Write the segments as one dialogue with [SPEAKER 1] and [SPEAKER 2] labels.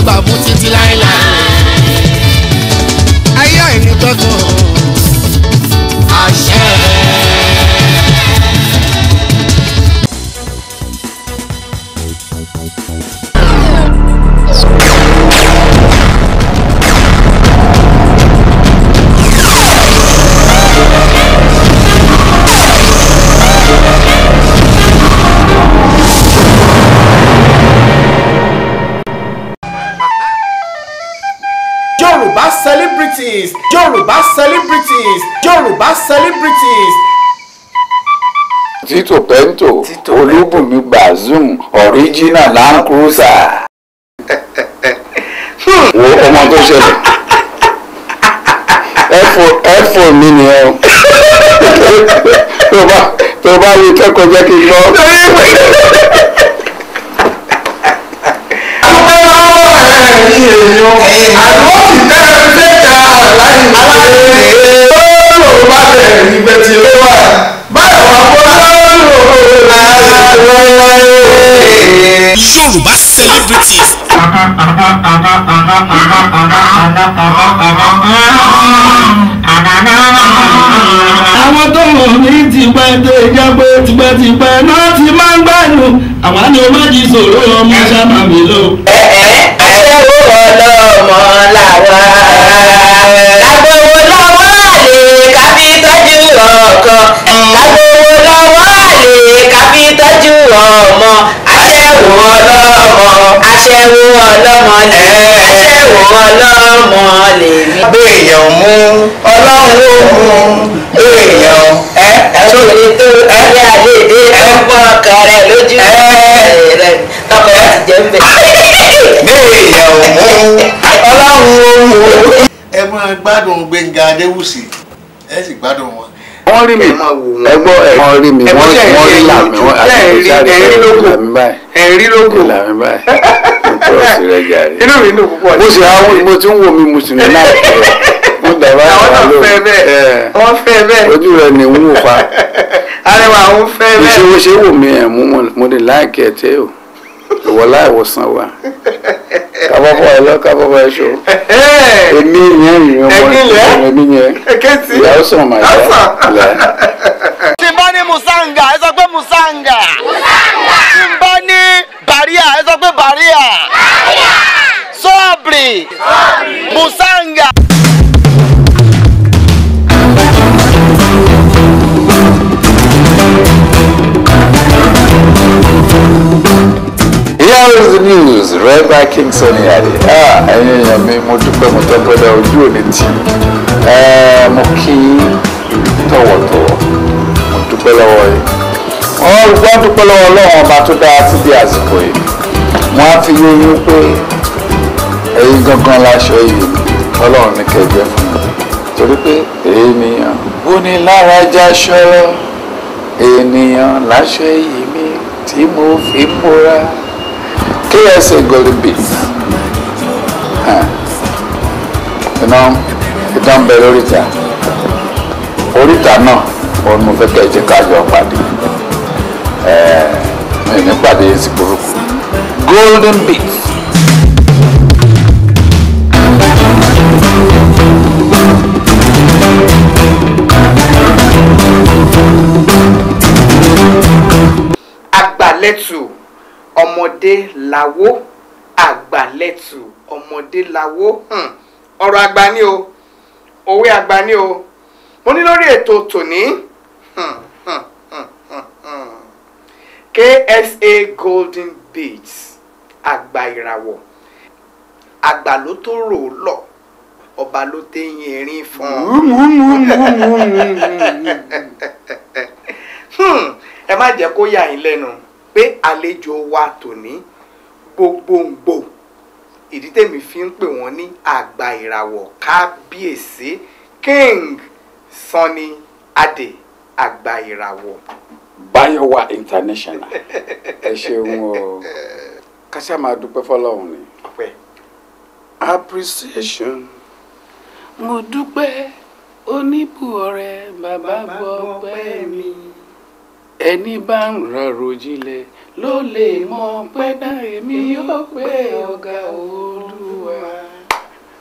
[SPEAKER 1] máa gbà fún títí láéláé.
[SPEAKER 2] tito pento olúbùnmi bazoum original land cruiser. wo ọmọ tó ṣẹlẹ̀
[SPEAKER 1] ẹ̀fọ́ mi ni ẹ tó bá rí kẹ́kọ̀ọ́ jẹ́ kí n
[SPEAKER 3] gbọ́. báyọ̀ wà fún aláwọ̀. Yorùbá celebrities. àwọn tó mọ̀ ní tipẹ́ jágbé tipẹ́tipẹ́ náà ti máa ń gbádùn àwa ni ó má jí sòrò ọmọ sábà mi lò. ẹ ẹ aṣẹ́wó ọlọ́mọ làwa lágbèwò lọ́wọ́ àlè
[SPEAKER 1] kábí tọ́jú ọkọ lágbèwò ìka fi tọ́jú ọmọ aṣẹ́wó ọlọ́mọ aṣẹ́wó ọlọ́mọ lè aṣẹ́wó ọlọ́mọ lè mí. béèyàn mú ọlọ́run ó mú béèyàn ẹ ẹ tó lè tó ẹgbẹ́ àdéhìí ẹ ń pọ̀ ọkọ rẹ lójú rẹ tọkọ ẹ ti jẹ́
[SPEAKER 3] ń bẹ̀. béèyàn mú ọlọ́run ó mú. ẹ máa gbádùn Gbẹ́ngà Adéwùsì ẹ sì gbádùn wọ́n rí mi ẹgbọ́
[SPEAKER 2] ẹ̀gbọ́n rí mi wọ́n rí làmì wọ́n àti ẹ̀rí lóko ẹ̀rí lóko làmì
[SPEAKER 1] báyìí
[SPEAKER 2] inú mi dùn púpọ̀ ní. mo sì àwọn mo ti ń wo mi mùsùlùmí láìpẹ́ mo dàbá àwọn náà fẹ́ bẹ́ẹ̀ wọ́n fẹ́ bẹ́ẹ̀ ojú rẹ̀ ni n wò pa. arẹwà òun fẹ́ bẹ́ẹ̀ ìṣòwò ṣe wò mí ẹ̀ mú mo lè láìkẹ́ tẹ́ o ìwọlá ìwòsàn wa kábọ́bọ́ ẹ lọ kábọ́bọ́ ẹ ṣó èmi yẹn ìyẹn wọn èmi yẹn ìyàwó sàn máa yá.
[SPEAKER 3] tí n bá ní musanga ẹ sọ pé musanga tí n bá ní bàríà ẹ sọ pé bàríà sọ́ọ̀bì musanga.
[SPEAKER 1] Here is
[SPEAKER 2] the news read by King Sunny Adé ah, ẹ̀yin èèyàn mi mo dúpẹ́ mo tọ́pẹ́ dá ojú òní tì eh, mo kí tọ̀wọ̀tọ̀wọ̀ mo dúpẹ́ lọ́wọ́ yìí wọ́n gbọ́ dúpẹ́ lọ́wọ́ ọlọ́run ọba tó dáa sí bí àsìkò yìí wọ́n á fi yé yín pé ẹ̀yin gangan láṣọ yìí ọlọ́run ní kẹjẹ fún mi torí pé ènìyàn bóni lára jáṣọ ènìyàn láṣọ èyí mi tí mo fi múra. KSA Golden Beats. iná ìtàn bẹ lórí ìta oríta náà òun mo fẹ́ kẹ́ ẹ jẹ́ káàjọ pàdé ẹ̀ẹ́n eh, pàdé yẹn sí burúkú Golden Beats.
[SPEAKER 3] Agbalẹ̀tù ọmọdé lawó àgbàlẹ̀tù ọmọdé lawó hmm. ọ̀rọ̀ àgbà ni o òwe àgbà ni o mo ní lórí ètò tòní hmm, hmm, KSA Golden beads àgbà ìràwọ̀ àgbà ló tó rò ó lọ ọba ló tẹ yin erin fún ọ ẹ má jẹ́ kó yà yín lẹ́nu pé àlejò wa tòní gbogbogbò ìdí tèmi fi ń pè wọ́n ní àgbà ìràwọ̀ kábíyèsí King Sunny Adé àgbà ìràwọ̀.
[SPEAKER 2] Bayowa International ẹ ṣeun o kásá máa dúpẹ́ fọlọ́run ni. appreciation mo dúpẹ́ oníbù ọ̀rẹ́ bàbá gbọ́ pẹ́ mi ẹni bá ń rọrò jinlẹ̀ ló lè mọ pẹ́ náà èmi yóò pé ọ̀gá olúwa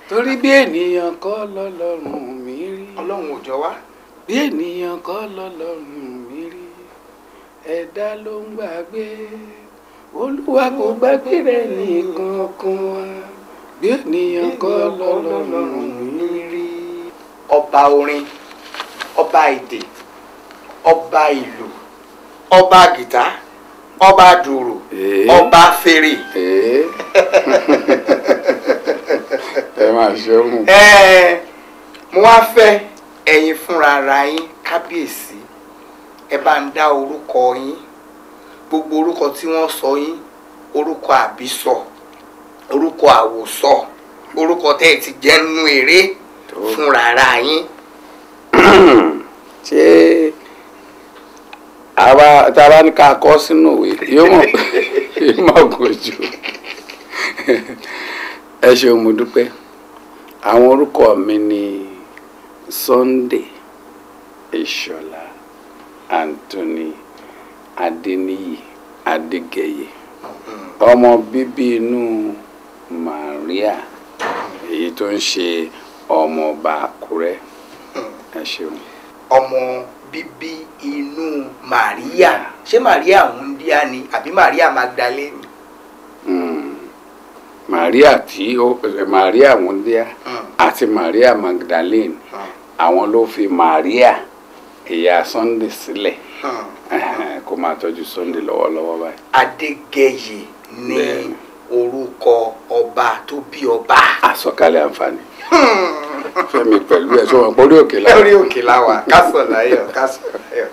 [SPEAKER 2] torí bí ènìyàn kọ́ lọ́lọ́run mi rí. ọlọ́run ò jọ wá. bí ènìyàn kọ́ lọ́lọ́run mi rí ẹ̀dá ló ń gbàgbé olúwa kò gbàgbé rẹ̀ nìkan wá bí ènìyàn kọ́ lọ́lọ́run mi rí.
[SPEAKER 3] ọba orin ọba èdè ọba ìlú ọba gìtá ọba dùrù
[SPEAKER 1] eh. ọba
[SPEAKER 3] fèrè. Eh.
[SPEAKER 2] ẹ máa ṣeun. mo
[SPEAKER 3] wá fẹ́ ẹ̀yin fúnra ara yín kábíyèsí ẹ bá ń dá orúkọ yín gbogbo orúkọ tí wọ́n sọ yín orúkọ àbísọ orúkọ àwòsọ
[SPEAKER 2] orúkọ tẹ́ ẹ ti jẹ́ nínú eré fúnra ara yín. ṣé àwa tá a bá ní ká kọ́ sínú ìwé yóò mọ̀ yóò mọ̀ gùn jù ẹ ṣeun mo dúpẹ́ àwọn orúkọ mi ni Sunday Ìṣọ̀lá Anthony Adéníyì Adégẹyẹ ọmọ bíbí inú Maria èyí tó ń ṣe ọmọọba Àkúrẹ́ ẹ ṣeun.
[SPEAKER 3] ọmọ bíbí inú Maria ṣé Màríà wúndíá ni àbí Màríà Magdalene.
[SPEAKER 2] Hmm. Màríà tí ó eh, Màríà wúndíá hmm. àti Maria Magdalene hmm. àwọn ló fi Màríà ìyá Sunday sílẹ̀ kó máa tọ́jú Sunday lọ́wọ́lọ́wọ́ báyìí. Adégẹyè ni. Bẹ́ẹ̀ni orúkọ ọba tó bí ọba. àsọkalẹ̀ àǹfààní hmm. fẹ́mi pẹ̀lú ẹ̀ sọ wọn pé orí òkè
[SPEAKER 3] láwa. orí òkè láwa kásọ̀ láyọ̀ kásọ̀ láyọ̀.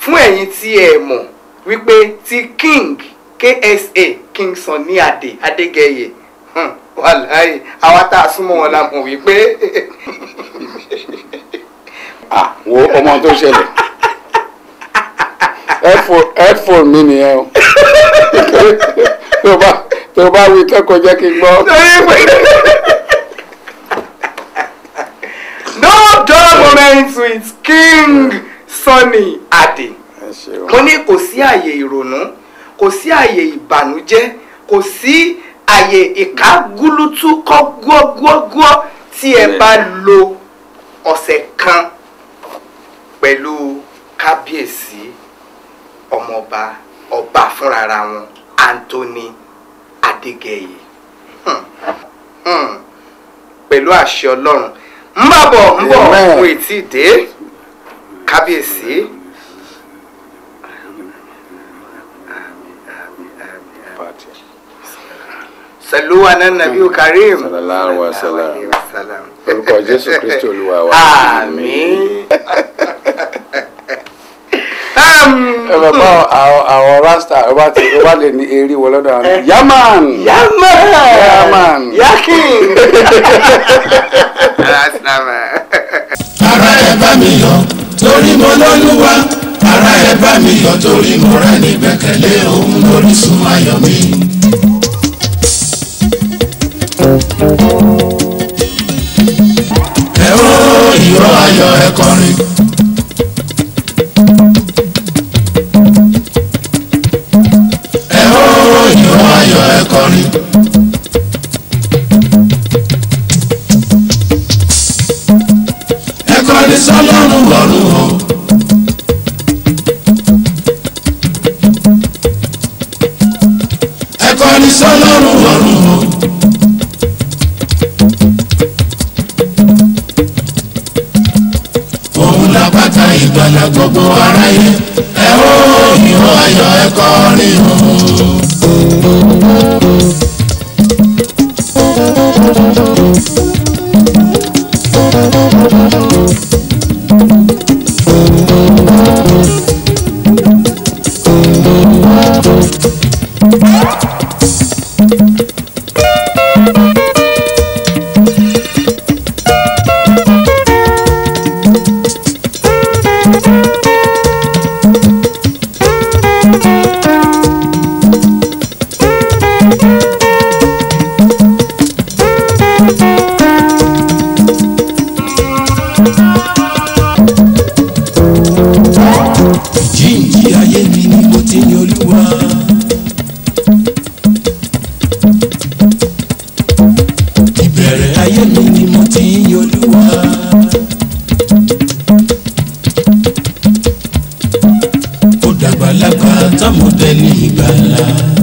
[SPEAKER 3] fún ẹ̀yin tí ẹ mọ̀ wípé ti king ksa king Sunny Adé Adégẹyẹ hmm, wàláyé àwa tá a súnmọ́ wọn la mọ̀ wípé.
[SPEAKER 2] à ah, wo ọmọ tó ṣẹlẹ̀ headphone mi nìyẹn o. tó bá wí tẹ́kọ̀ọ́ jẹ́ kí n gbọ́. no
[SPEAKER 3] dominance with King Sunny Ade. mo ní kò sí àyè ìrònú kò sí àyè ìbànújẹ́ kò sí àyè ìkágúlútú kọ́ gúọ́gúọ́gúọ́ tí ẹ bá lo ọ̀sẹ̀ kan pẹ̀lú kábíyèsí ọmọọba ọba fúnra wọn Anthony Adégẹyè hmm. Hmm. pẹ̀lú àṣẹ Ọlọ́run ń bá bọ̀ ń bọ̀ fún etí ìdè kábíyèsí. Salu ala nabi karim. Sallallahu alaihi wa sallam. Orúkọ Jésù
[SPEAKER 2] Kristi Olúwa wa. Àmín ẹ̀rọ pa àwọn rasta ọba ti ọba lè ní eré wọ lọ́dọ̀ àwọn eh. yaman yaman yaman
[SPEAKER 1] yakin. ara ẹ bá mi yọ torí mo lọ́lúwa ara ẹ bá mi yọ torí mo rẹ́ ní gbẹ̀kẹ̀lé òun lórísun ayọ̀ mi. ẹ ó ìró ayọ̀ ẹ kọrin.
[SPEAKER 2] Gracias.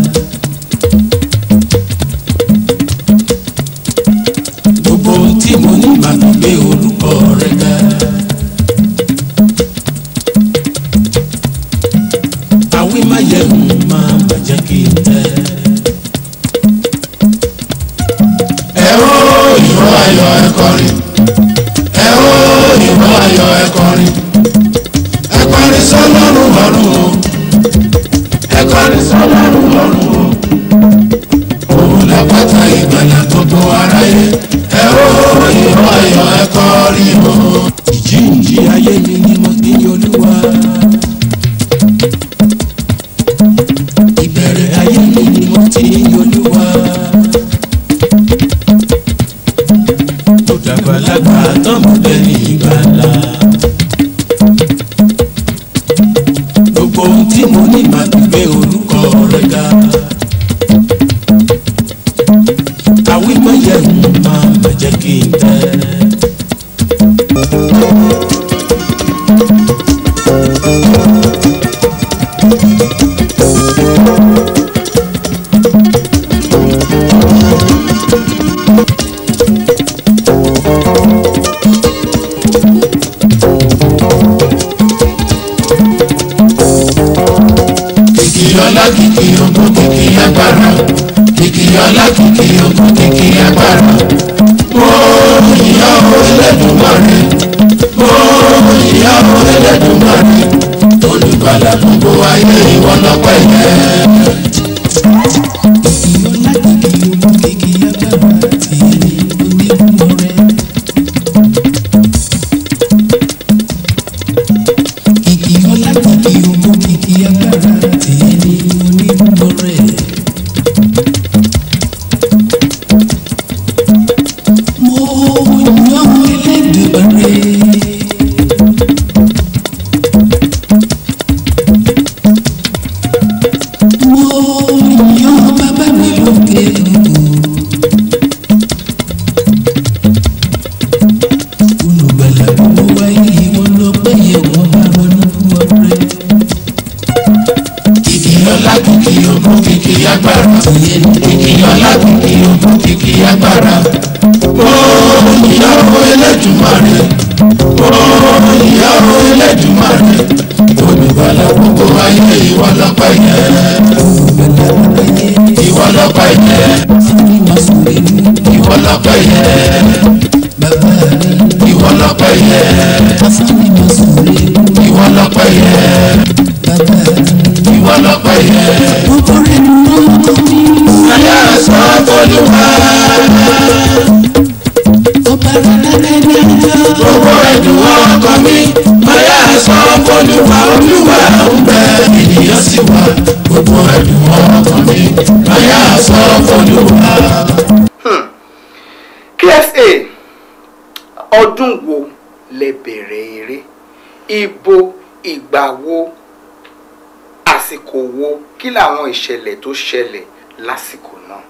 [SPEAKER 3] ìṣẹ̀lẹ̀ tó ṣẹlẹ̀ lásìkò náà.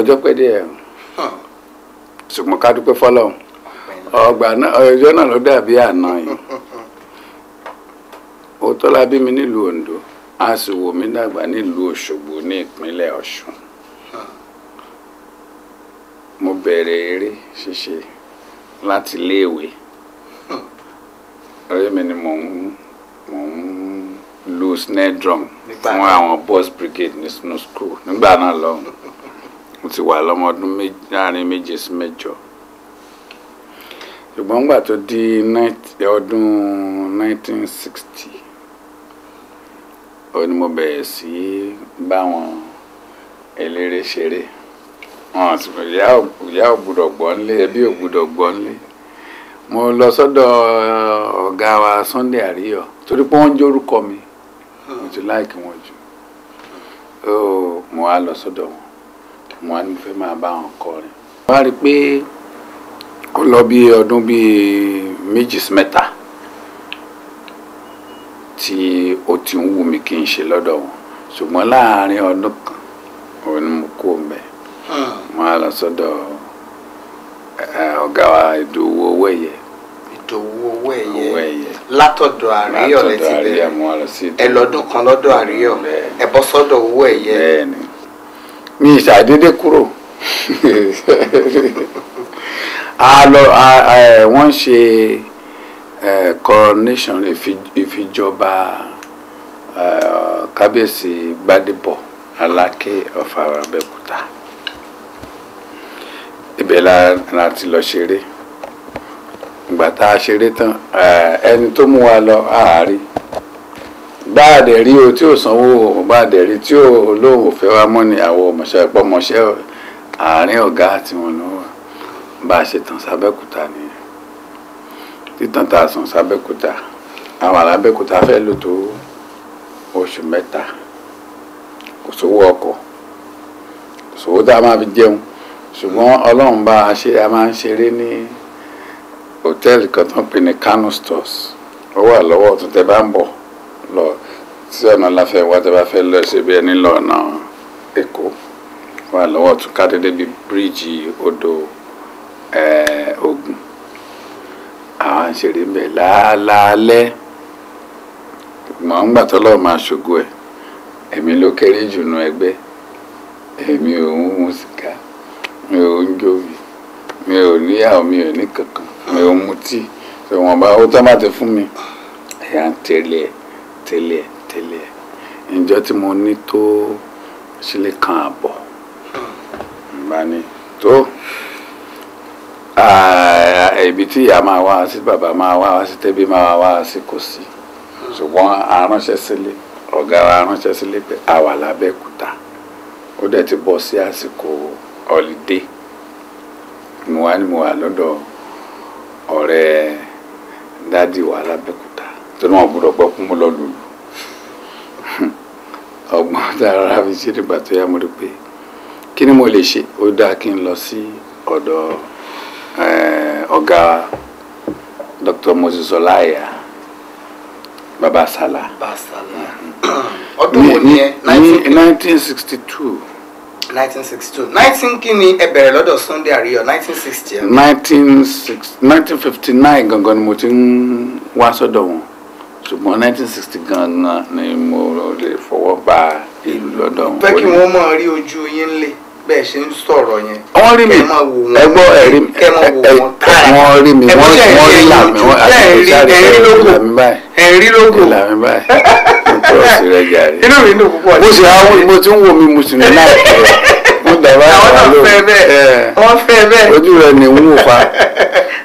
[SPEAKER 2] ọjọ́ pẹ́ díẹ̀ ṣùgbọ́n ká dúpẹ́ fọlọ́run ọgbà náà ọjọ́ náà ló dàbí àná yìí òótọ́ la bí mi nílùú Oǹdó a sì wò mí dàgbà nílùú Òṣogbo ní ìpínlẹ̀ Ọ̀ṣun mo bẹ̀rẹ̀ eré ṣíṣe láti iléèwé ọ̀rẹ́ mi ni mò ń lu snare drum fún àwọn boys brigade ní snow school nígbà náà lọ́hùn mo ti wà lọ́mọ ọdún láàrin méje sí mẹ́jọ ṣùgbọ́n nígbà tó di ọdún 1960 ó ní mo bẹ̀rẹ̀ sí báwọn eléré ṣeré wọn sì ìyá ò gbúdọ̀ gbọ́ nílé ẹbí ò gbúdọ̀ gbọ́ nílé mo lọ sọ́dọ̀ ọ̀gá wa Sunday àríyọ̀ torí pé wọ́n jórúkọ mi mo ti láìkí wọn jù oh, mo wá lọ sọ́dọ̀ wọn mo wá ní mo fẹ́ máa bá wọn kọrin. wá rí i pé ó lọ bí ọdún bíi méjì sí mẹ́ta tí ó ti ń wù mí kí n ṣe lọ́dọ̀ wọn ṣùgbọ́n láàárín ọdún kan òun ni mo kó mbẹ́ mo wá lọ sọ́dọ̀ eh, ọ̀gá wa ìdòwú owó ẹ̀yẹ. ìdòwú owó ẹ̀yẹ
[SPEAKER 3] látọ̀dọ̀ àríyọ̀ lẹ́tí bẹ̀rẹ̀ ẹ lọ́dún kan lọ́dọ̀
[SPEAKER 2] àríyọ̀ ẹ bọ́ sọ́dọ̀ owó ẹ̀yẹ. mi ìṣàdédé kúrò a lọ wọ́n ṣe coronation ìfijọba kábíyèsí Gbádébọ̀ Aláké of Abẹ́òkúta ibẹ̀ la ti lọ ṣeré ìgbà tá a ṣeré tán eh, ẹni tó mú wa lọ àárí bá a dẹ̀ rí o tí ò sanwó bá a dẹ̀ rí tí ò lóun ò fẹ́ wa mọ́ ni àwọn ọmọọṣẹ́ pọ́mọṣẹ́ àárín ọ̀gá àti wọn ló wà bá a ṣe tàn sábẹ́kúta nìyẹn títàn tá a sàn sábẹ́kúta àwọn alábẹ́kúta fẹ́ lò tó oṣù mẹ́ta kò sówó ọkọ̀ kò sówó tá a máa fi jẹun ṣùgbọ́n ọlọ́run bá a ṣe a máa ń ṣeré ní hòtẹ́ẹ̀lì kan tó ń pè ní Kano Stores ó wà lọ́wọ́ ọ̀tún tẹ́ bá ń bọ̀ lọ sí ọ̀nà láfẹ́ wá tẹ́ bá fẹ́ lọ sí ibi ẹni lọ ọ̀nà Èkó wà lọ́wọ́ ọ̀tún kádédé bíi bíríìjì odò eh, Ògùn àwọn ṣeré ń bẹ̀ lálálẹ́ mọ̀ ń gbà tọ́lọ́ máa ṣògo ẹ̀ èmi ló kéré jù ẹgbẹ́ èmi ò ń mu sìgá mi ò ń jó mi mi ò níyàwó mi ò ní kankan mi ò mutí ṣe wọn bá ó tábà ti fún mi ẹ̀yà ń tẹ̀lé ẹ̀ tẹ̀lé ẹ̀ tẹ̀lé ẹ̀ ǹjọ́ tí mo ní tó sílẹ̀ kan àbọ̀ bá ní tó ibi tí ìyá máa wá sí bàbá máa wá sí tẹ́bí máa wá sí kò sí ṣùgbọ́n aránṣẹ́ sílé ọ̀gá aránṣẹ́ sílé pé a lábẹ́kúta ó dẹ̀ ti bọ́ sí àsìkò ọ̀lídé mo wá mo wà lọ́dọ̀ ọ́. ọ̀rẹ́ dádì wa lábẹ́kúta tó náà gbọ́dọ̀ gbọ́ kún mọ́ lọ́lù ọgbọ́n tá fi ṣe tó yá mo rí pé kí ni mo lè ṣe ó kí n lọ sí ọdọ eh, ọ̀gá Dr. Moses babasala
[SPEAKER 3] ni ẹ. two. 1962 nineteen kíni ẹ bẹ̀rẹ̀ lọ́dọ̀ Sunday Ariyo nineteen sixty.
[SPEAKER 2] nineteen six nineteen fifty nine gangan ni mo ti ń wá sọ́dọ̀ wọn ṣùgbọ́n nineteen sixty gangan ni mo lè fọwọ́ bá ìlú lọ́dọ̀ wọn. fẹ́ kí wọ́n mọ̀
[SPEAKER 3] rí ojú yín lé bẹ́ẹ̀ ṣe ń sọ̀rọ̀ yẹn.
[SPEAKER 2] wọ́n rí mi ẹgbọ́ ẹ̀rí mi wọ́n rí mi wọ́n rí làmì wọ́n àti ẹ̀rí lógo ẹ̀rí lógo làmì báyìí inú mi dùn púpọ̀. mo sì àwọn mo ti ń wo mi mo sì ní láìpẹ́
[SPEAKER 1] mo dàbá àwọn náà fẹ́
[SPEAKER 2] bẹ́ẹ̀ wọ́n fẹ́ bẹ́ẹ̀ ojú rẹ̀ ni n wò pa.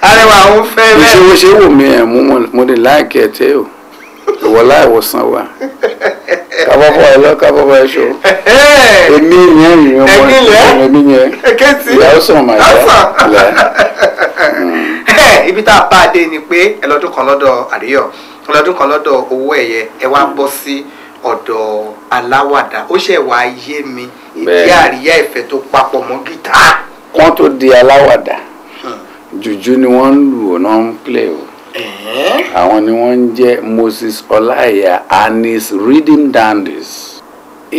[SPEAKER 2] arẹwà àwọn fẹ́ bẹ́ẹ̀. ìṣòwò ṣe wò mí ẹ̀ mo dé láìkẹ́ tẹ́ o wọlá ìwòsàn wa kábọ́bọ́ ẹ lọ kábọ́bọ́ ẹ ṣó èmi yẹn ìyẹn ọmọ ìṣẹ̀lẹ̀ èmi yẹn ìyàwó sọ̀rọ̀
[SPEAKER 1] màá
[SPEAKER 3] yá ibi tá a bá a dé ni pé ẹlọ́dún kan lọ́dọ̀ àríyọ̀ ẹlọ́dún kan lọ́dọ̀ owó ẹ̀yẹ ẹ wá bọ́ sí ọ̀dọ̀ aláwàdà ó ṣẹ̀ wá yé mi ìdí àríyá ìfẹ́ tó papọ̀ mọ́ gítà.
[SPEAKER 2] wọ́n tó di aláwàdà hmm. jùjú ni wọ́n ń lù ọ́ náà ń pè ọ́ àwọn ni wọ́n ń jẹ́ Moses Ọláìyá and his Rhythm Dandies.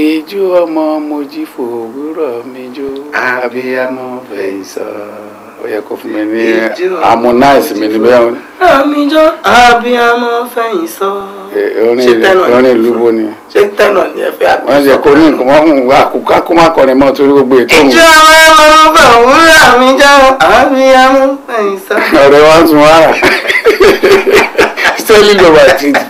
[SPEAKER 2] ìjú ọmọ mojí fòwúrọ̀ mi jó abiyamọ fẹ̀yìntàn ó yẹ kó fún mi ní harmonize mi níbẹ̀ o.
[SPEAKER 3] àmìjọ abiyamọ fẹ̀yìn sọ.
[SPEAKER 2] orin ìlú wo ni. ṣé tẹ̀nà ni ẹ fẹ́ àgbẹ̀. wọ́n ṣe kó ní nǹkan wọ́n mú wá kó má kọrin mọ́ torí gbogbo ètò òun. ìjọ àwọn
[SPEAKER 3] ẹ̀rọ ọgbà òwúrọ̀ àmìjọ abiyamọ fẹ̀yìn
[SPEAKER 2] sọ. ọ̀rẹ́ wa tún wá rà.
[SPEAKER 1] still in the right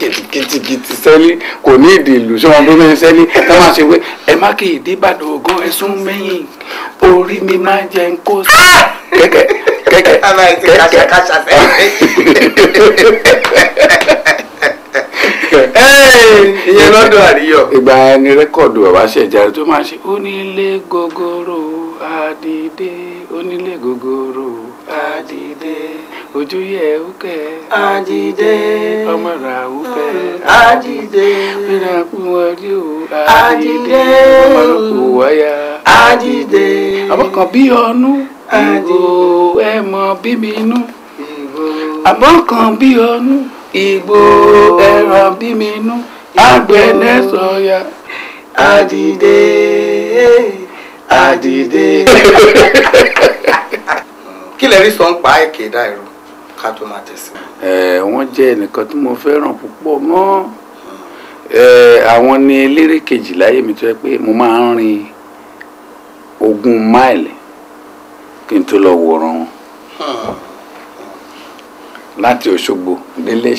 [SPEAKER 2] kìtìkìtì sẹ́lí kò ní ìdí ìlú sọ́wọ́n tó mẹ́rin sẹ́lí ká máa ṣe pé ẹ má kì í dìbàdàn ògùn ẹ̀sùn mẹ́yìn orí mi máa jẹ ń kó sí. kẹ́kẹ́ kẹ́kẹ́ kẹ́kẹ́ ìyẹn lọ́dọ̀ àríyọ̀. ìgbà ni rẹ́kọ̀dù bàbá ṣẹ̀jáde tó máa ṣe onílé gogoro àdìdé onílé gogoro àdìdé. Ojoyè ẹ̀wúkẹ́. Àdìdé. Ọmọ rà ẹ̀wúkẹ́. Mm, Àdìdé. Bíra kú wọlé o. Àdìdé. Ọmọ rà kú wáyà. Àdìdé. Àbọ̀kàn bí ọnú. Àdìdé. Ìgbò ẹ mọ bíbí inú. Ìgbò. Àbọ̀kàn bí ọnú. Ìgbò ẹran bíbí inú. Àgbẹ̀dẹ sọ̀yà. Àdìdé. Àdìdé.
[SPEAKER 3] Kí lè rí sọ ń pa ẹ̀kẹ́ dá ẹ̀rọ? ká tó máa tẹ̀sí.
[SPEAKER 2] ẹ wọ́n jẹ́ ẹnìkan tí mo fẹ́ràn púpọ̀ mọ́ àwọn ni eléré kejì láyé mi tó yẹ pé mo máa ń rin ogún máìlì kí n tó lọ wòran wọn láti Òṣogbo délé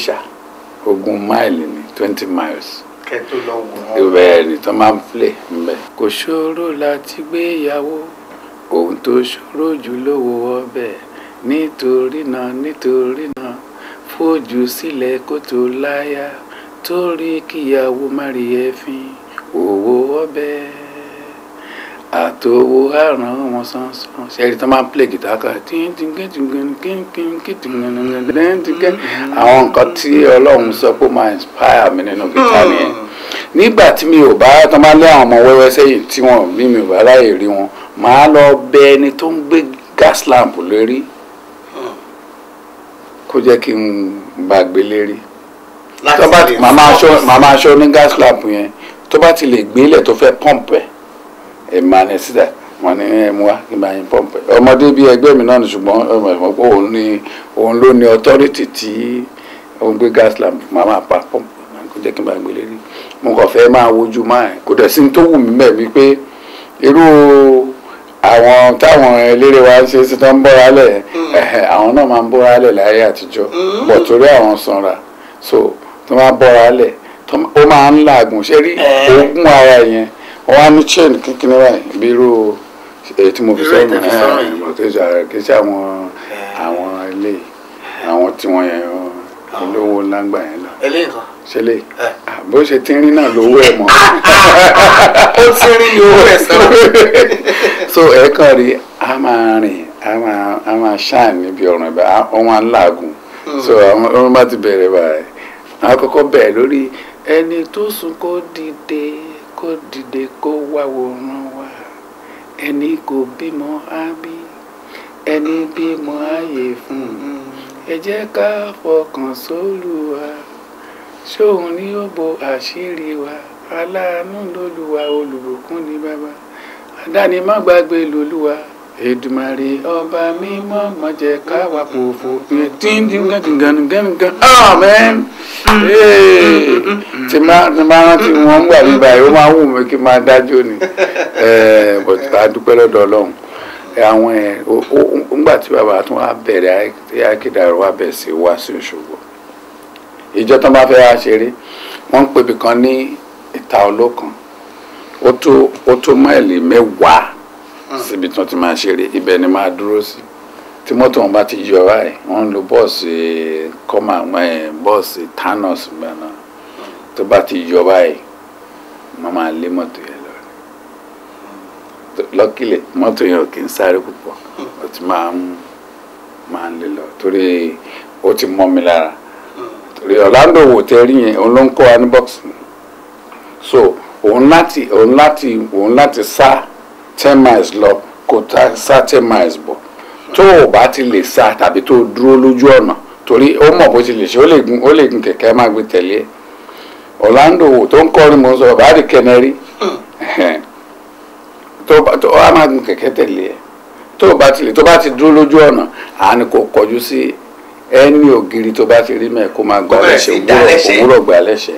[SPEAKER 2] ogún máìlì ní twenty miles kẹtù lọ wò wọn. ìbẹ̀rẹ̀ ni tó máa ń filẹ̀ ńbẹ̀. kò ṣòro láti gbéyàwó ohun tó ṣòro jù lówó ọbẹ̀ nítorí náà nítorí náà fojú sílẹ̀ kó tó láyà torí kíyàwó má rí ẹfin òwò ọbẹ̀ àtòwò àràn wọn sánsan ṣẹ́rí tó máa ń play guitar kan àwọn nǹkan tí ọlọ́run sọ pé ó máa inspire mi nínú guitar nìyẹn nígbà tí mi ò bá tán máa lé àwọn ọmọ wẹ́wẹ́ sẹ́yìn tí wọ́n bí mi ò bá láyè rí wọn màá lọ bẹ ẹni tó ń gbé gas lamp lórí kó jẹ́ kí n gbàgbé lérí tó bá màmá aṣọ màmá aṣọ ní gas lamp yẹn tó bá ti lè gbélé tó fẹ́ pump ẹ̀ ẹ̀ máa ní síta wọn ní ẹ mú wa kí n bá yín pump ẹ̀ ọmọdé bíi ẹgbẹ́ mi náà ṣùgbọ́n ọmọ pé òun ni òun ló ní authority tí òun gbé gas lamp màmá pa pump kó jẹ́ kí n bá gbélé rí mo kàn fẹ́ máa wojú máa kò dẹ̀ sí ní tó wù mí mẹ́ẹ̀ wípé irú àwọn táwọn eléré wa ṣe sí tán ń bóra lẹ̀ mm. àwọn náà máa ń bóra lẹ̀ láyé àtijọ́ mm. bọ̀ torí àwọn sanra so tó máa bóra lẹ̀ ó máa ń làágùn ṣé rí eh. oògùn ara yẹn wọ́n á ní chain kékeré báyìí bí irú èyí tí mo fi sọ́run eh, kì í ṣe àwọn eh. àwọn ilé àwọn tí wọ́n yẹn ah. olówó ńlá gbà yẹn lọ. eléyìí kan ṣẹlẹ̀ eh. bó ṣe ti ń rí náà lówó ẹ̀ mọ́. ó ti rí ní owó ẹ̀ sọ. so ẹ̀ẹ̀kan rí a máa rìn a máa a máa ṣáà níbi ọ̀ràn ìbá ọmọ aláàgùn
[SPEAKER 1] hmm. so àwọn
[SPEAKER 2] ọmọ bá ti bẹ̀rẹ̀ báyìí àwọn kọ́kọ́ bẹ̀rẹ̀ lórí ẹni tó sùn kó dìde kó dìde kó wá wòran wá ẹni kò bímọ á bí ẹni bímọ ààyè fún un ẹ jẹ́ ká fọkàn sólùwà sóun ni ó bo àṣírí wa aláàánú lólúwa olùbùkún ni bàbá adánimágbàgbé lólúwa èdùmàrè ọba mímọ́ má káwa pòfo amen tí máa rántí wọn gbà mí báyìí ó máa wù mí kí n máa dájú ni bọ̀tà dúpẹ́ lọ́dọ̀ ọlọ́run àwọn ẹ̀ ńgbà tí bàbá tún wá bẹ̀rẹ̀ ayédèrú wa bẹ̀ sí wá sí Òṣogbo ìjọ tó bá fẹ́ wá ṣeré wọ́n ń pèbí kan ní ìta olókan ó tó ó tó máìlì mẹ́wàá hmm. síbi tí wọ́n ti máa ṣeré ibẹ̀ ni máa dúró sí tí mọ́tò wọn bá ti yọ báyìí wọ́n ń lo bọ́ọ̀sì kọ́mà bọ́ọ̀sì thanos gbẹ̀nà tó bá ti yọ báyìí wọ́n máa lé mọ́tò yẹn lọ lọ́kìlẹ̀ mọ́tò yẹn ò kì í sáré púpọ̀ hmm. ó ti máa ń máa ń lè lọ torí ó ti mọ́ mi lára. Orlando wò tẹ́rí yẹn òun ló ń kọ́ wa ní so òun láti òun láti òun láti sá ten miles lọ kó sá ten miles bọ̀ tó o bá ti lè sá tàbí tó o dúró lójú ọ̀nà torí ó mọ̀ bó ti lè ṣe ó lè gun ó lè gun kẹ̀kẹ́ máa gbé tẹ̀lé ẹ̀ Orlando wò tó ń mo ń sọ tó o bá máa gun o bá ti lè tó o bá ti dúró lójú ọ̀nà Si, ẹni ògiri tó bá ti rí mẹ kó máa gba lẹsẹ òwúrọ̀ gba lẹsẹ.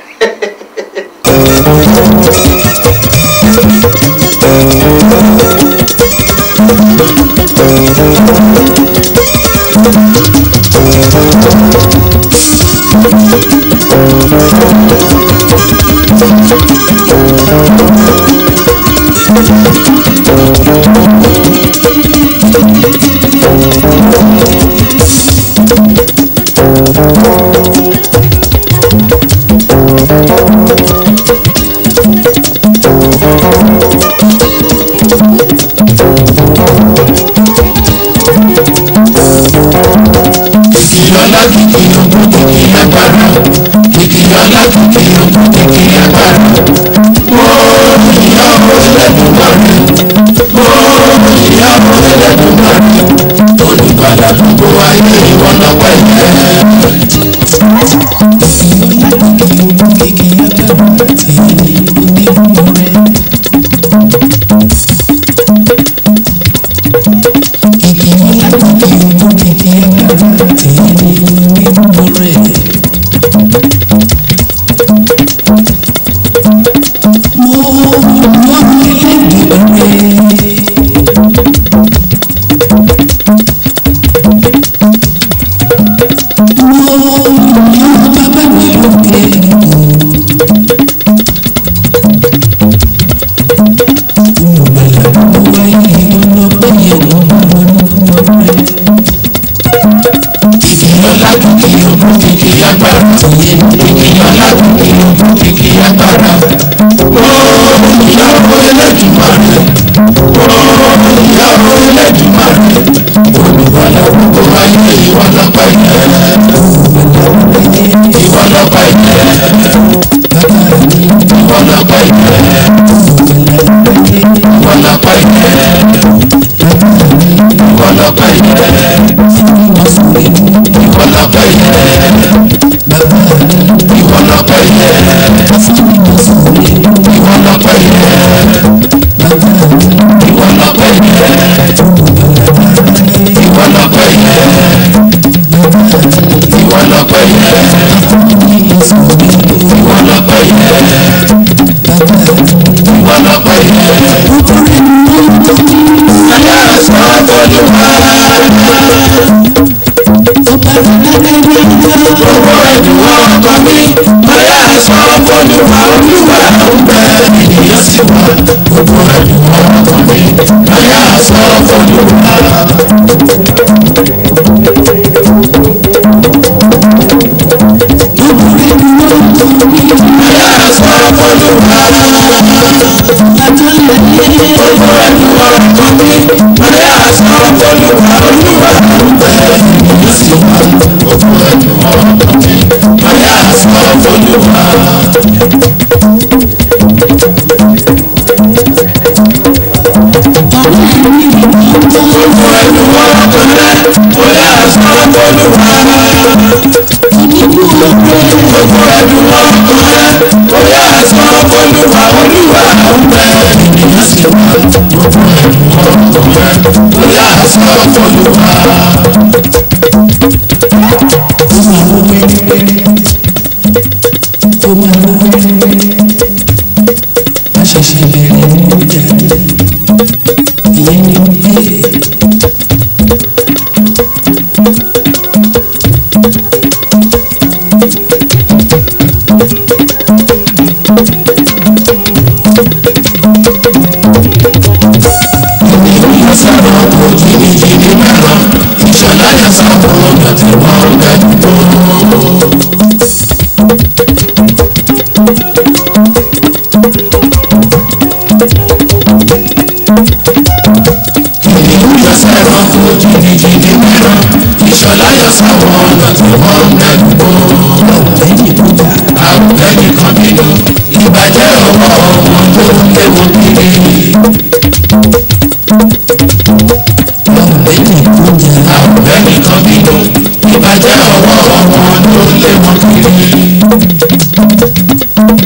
[SPEAKER 2] Thank you.
[SPEAKER 1] Thank you.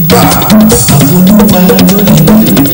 [SPEAKER 1] Bá àbúrò wa lórí ìlú.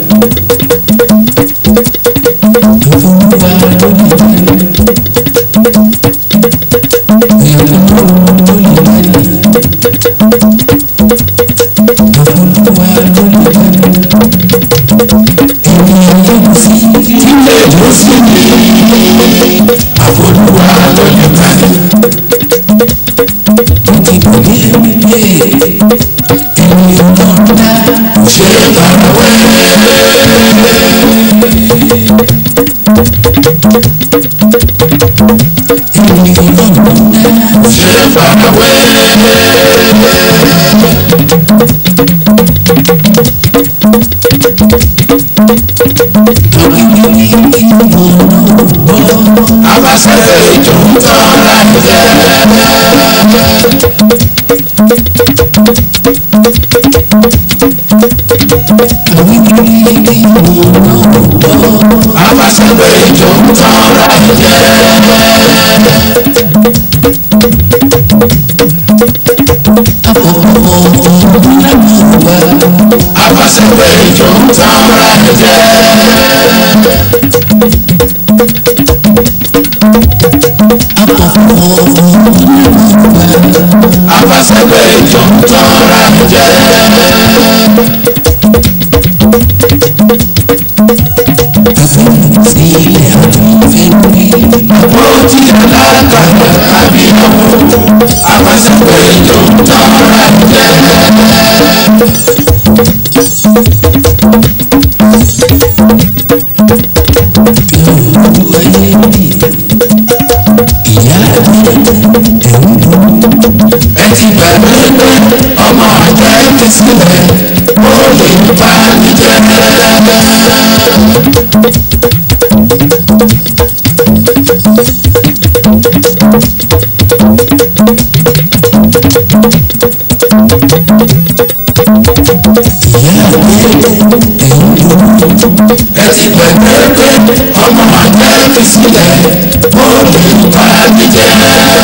[SPEAKER 1] Àfàsẹ́gbẹ̀ ìjọ ń tọ́ra jẹ́. ẹ ti gbàgbé pé ọmọ ọ̀gá apc rẹ̀ ó lè bá mi jẹ́ ẹ ti gbàgbé pé ọmọ ọ̀gá apc rẹ̀ ó lè bá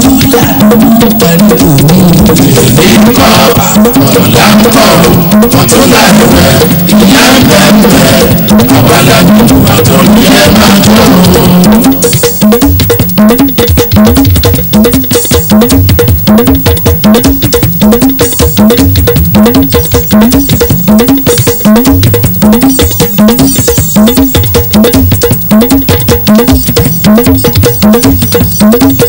[SPEAKER 1] búdà pẹ̀lú mi. Èmi kọ́ ọ̀pá ọ̀la kọ́ ọ̀tún láìpẹ́ ìyá mẹ́mẹ́ àbálẹ́kùn àtọ̀ní ẹ̀ máa jọ. Thank you.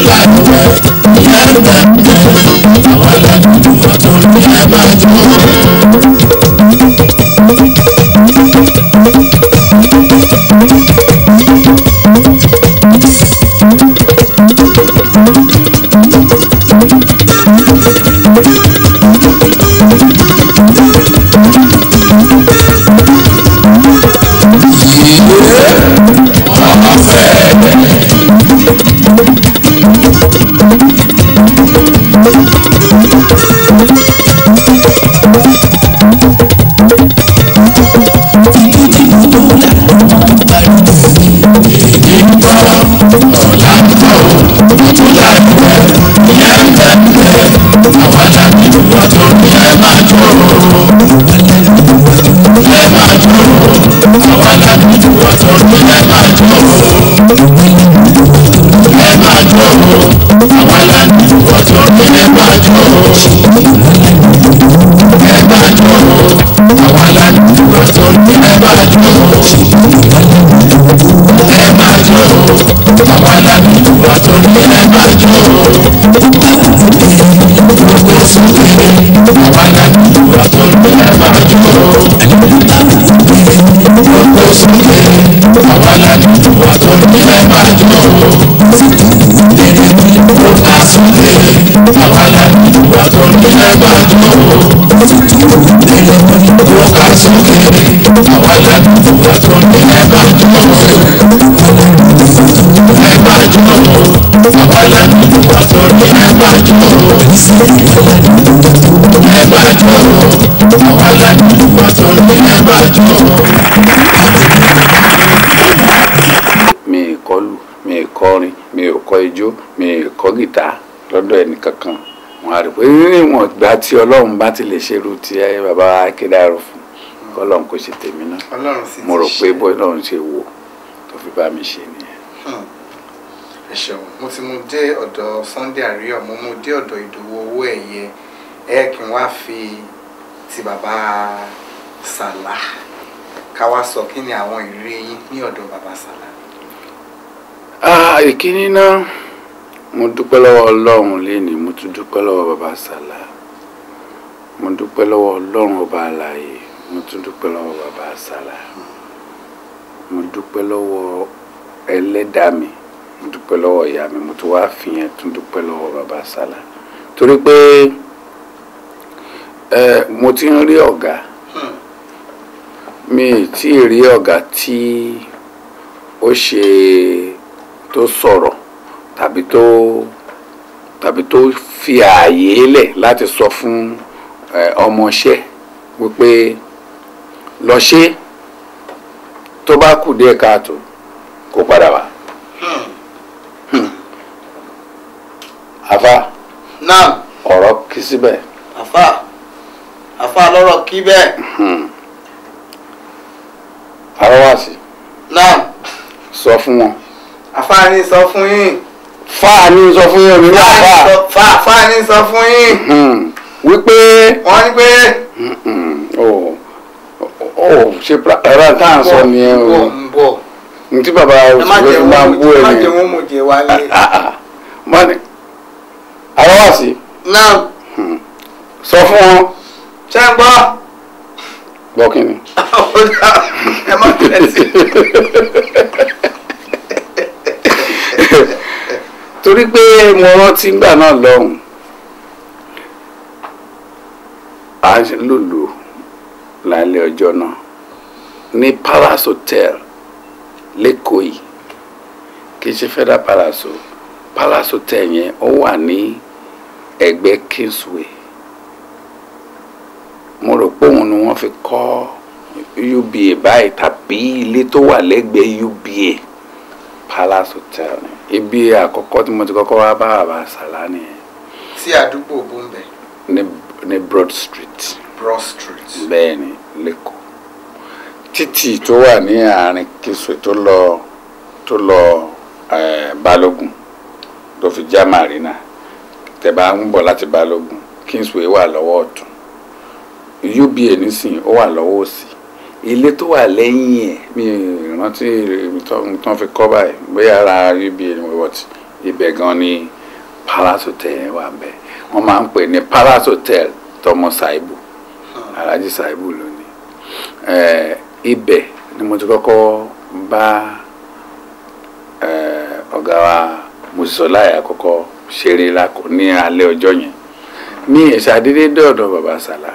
[SPEAKER 1] Thank you. ẹ bá jọ àwọn aládùúgbò sọ̀rọ̀ ẹ bá jọ.
[SPEAKER 2] mi ì kọlù mi ì kọrin mi ì kọ ijó mi ì kọ gìtá lọ́dọ̀ ẹnì kankan wọn á rí pé níwọ̀n ìgbà tí ọlọ́run bá ti lè ṣerú ti ẹ bàbá akédàrú fún kọ́lọ́run kò ṣe tèmi náà mo rò pé bọ́ọ̀lọ́run ṣe wò tó fi bá mi ṣe ni
[SPEAKER 3] ṣeun mo ti mú dé ọ̀dọ̀ Sunday Àríyọ̀ mo mú dé ọ̀dọ̀ Ìdòwú owó ẹ̀yẹ ẹ kí n wá fi ti bàbá Sàlá ká wá sọ kí ni àwọn ìrírí yín ní ọ̀dọ̀ bàbá Sàlá.
[SPEAKER 2] ìkíní náà mo dúpẹ́ lọ́wọ́ Ọlọ́run lénìí mo tún dúpẹ́ lọ́wọ́ bàbá Sàlá mo dúpẹ́ lọ́wọ́ Ọlọ́run ọba àlàyé mo tún dúpẹ́ lọ́wọ́ bàbá Sàlá mo dúpẹ́ lọ́wọ́ ẹlẹ́dàá mi mo dúpẹ́ lọ́wọ́ ìyá mi mo tún wá fi yẹn tún dúpẹ́ lọ́wọ́ bàbá sálà torí pé ẹ mo ti ń rí ọ̀gá hmm. mi tí rí ọ̀gá tí ó ṣe tó sọ̀rọ̀ tàbí tó tàbí tó fi ààyè lẹ̀ láti sọ fún ọmọọṣẹ́ wípé lọ ṣe tó bá kù díẹ̀ káàtó kó padà wá àfa. naam. ọ̀rọ̀ kí síbẹ̀. àfa
[SPEAKER 3] àfa lọ́rọ̀ kí bẹ́ẹ̀. àrọ́wàsì. Hmm. naam. sọ fún wọn. àfa ni sọ fún yín. fa ni sọ fún yín omi náà fa. fa fa ni sọ fún yín. Hmm. wípé. wọ́n ní pé. ó hmm, oh. oh, oh, ṣe ẹ̀rọ tá à ń sọ nìyẹn o. bọ̀ ntí bàbá òṣèlú máa ń bú ẹ má jẹun mú jẹ wálé.
[SPEAKER 2] arawasi. naam. Hmm. sọ fún wọn. ṣé ń gbọ́. gbọ́ kí ni. ẹ má tẹ̀lé sí. torí pé mo rántí ngbà náà lọ́hùn a lòlò lálẹ́ ọjọ́ náà ní Palace Hotel lẹ́kọ̀ọ́ yìí kì í ṣe federal palace o Palace Hotel yẹn ó wà ní ẹgbẹ́ kingsway mo rò pé òun ni wọ́n fi kọ́ uba báyìí tàbí ilé tó wà lẹ́gbẹ̀ẹ́ uba palace hotel ni ibi àkọ́kọ́ tí mo ti kọ́kọ́ wá bá bàbá sàlá nìyẹn.
[SPEAKER 3] sí àdúgbò bóńbẹ.
[SPEAKER 2] ní ní broad street.
[SPEAKER 3] broad street.
[SPEAKER 2] bẹ́ẹ̀ ni lẹ́kọ̀ọ́ títì tó wà ní àárín kingsway tó lọ tó lọ balógun tó fi já marina tẹ́ bá ń bọ̀ láti balógun kingsway wà lọ́wọ́ ọ̀tún uba nísìn ó wà lọ́wọ́ òsì ilé tó wà lẹ́yìn ẹ̀ mi rántí tán fi kọ́ báyìí bóyá ara uba ni wọ́n ti ibẹ̀ gan ni palace hotel wà bẹ́ẹ̀ wọ́n máa ń pè ní palace hotel tọmọ saibu alhaji saibu lónìí ibẹ̀ ni mo ti kọ́kọ́ bá ọ̀gá wa mùsùlùmí àkọ́kọ́ ṣeré lakò ní alẹ́ ọjọ́ yẹn ní ìṣàdédé dọ̀dọ̀ bàbá sàlá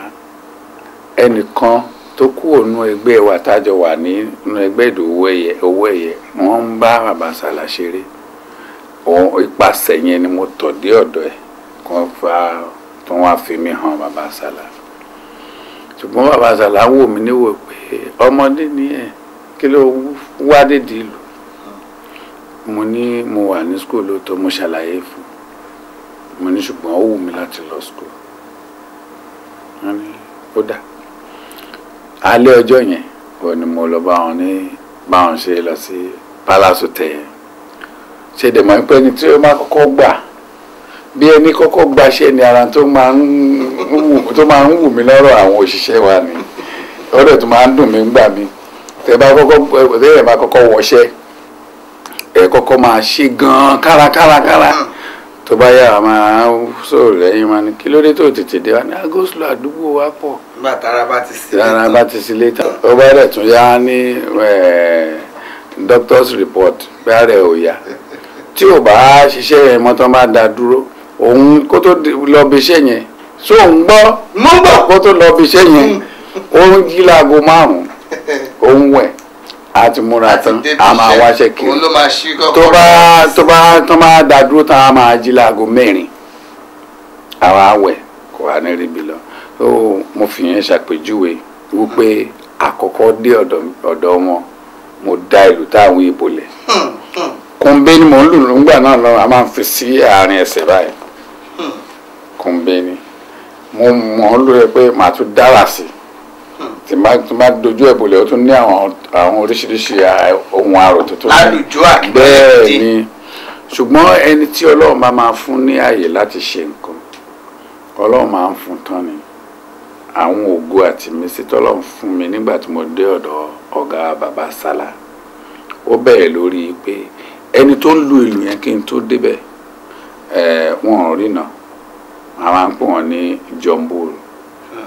[SPEAKER 2] ẹnìkan tó kú ònú ẹgbẹ́ wa tájọ wà nínú ẹgbẹ́ ìdòwò owó ẹ̀yẹ wọ́n ń bá bàbá sàlá ṣeré ìpasẹ̀ yẹn ni mo tọ̀ dé ọ̀dọ̀ ẹ̀ kan fa tó wá fi mí hàn bàbá sàlá ṣùgbọ́n bàbá sàlá wò mí níwò pé ọmọdé ni ẹ̀ kí ló wá dédìí lò mo ní mo wà ní skul tó mo ṣàlàyé fún mo ní ṣùgbọ́n ó wù mí láti lọ school wọ́n ní ó dà alẹ́ ọjọ́ yẹn òun ni mo lọ bá wọn ní bá wọn ṣe lọ sí palace hotel ṣe dẹ̀ mọ́ pé ẹni tí ó máa kọ́kọ́ gbà bí ẹni kọ́kọ́ gbaṣẹ́ ni ara tó máa ń wù mí lọ́rọ̀ àwọn òṣìṣẹ́ wa ni ọ̀rẹ́ tó máa ń dùn mí gbà mí tẹ́ bá kọ́kọ́ tẹ́ bá kọ́kọ́ wọṣẹ́ ẹ̀ kọ́kọ́ máa ṣe gan-an kárakárakára. Mm tó bá yà máa sọ̀rọ̀ lẹ́yìn máa ní kí ló dé tó tètè dé wa ní agoslo àdúgbò wa pọ̀.
[SPEAKER 3] nígbà tára bá ti sílé tán tára bá
[SPEAKER 2] ti sílé tán. ó bá rẹ̀ tún yá ní doctor's report bá rẹ̀ ò yá tí ò bá ṣiṣẹ́ yẹn mọ́ tán bá da dúró òun kó tó lọ bí iṣẹ́ yẹn só òun gbọ́ mọ́ gbọ́ kó tó lọ bí iṣẹ́ yẹn òun hmm. jí láago márùn-ún òun wẹ̀ a ti múra tán a máa wáṣẹ́ kiri tó bá tó bá tó bá da dúró tán a máa jí láago mẹ́rin àwa awẹ̀ kò wá ní ríbi lọ ó mo fi yẹn ṣàpèjúwe wípé àkọ́kọ́ dé ọ̀dọ̀ wọn mo da ìlú táwọn ìbò lẹ̀
[SPEAKER 1] hmm, hmm.
[SPEAKER 2] kùnbé ni mò ń lù lùgbà náà lọ a máa ń fi sí àárín ẹsẹ̀ báyìí hmm. kùnbé ni mo mọ̀ ọ́ lórí ẹ pé màá tún dára sí i tí má tí má dojú ẹ̀ bolẹ̀ ó tún ní àwọn àwọn oríṣiríṣi ohun àrò tuntun. àlùjọ àgbẹ̀ bẹ́ẹ̀ ni ṣùgbọ́n ẹni tí ọlọ́run bá máa fún ní àyè láti ṣe nǹkan ọlọ́run máa ń fún tán ni àwọn ògo àti mísí tọ́lọ́run fún mi nígbà tí mo dé ọ̀dọ̀ ọ̀gá bàbá sálà ó bẹ̀rẹ̀ lórí pé ẹni tó ń lu ìlú yẹn kí n tó débẹ̀ ẹ̀ wọ́n rí náà àwọn à ń ní jọmbóòlù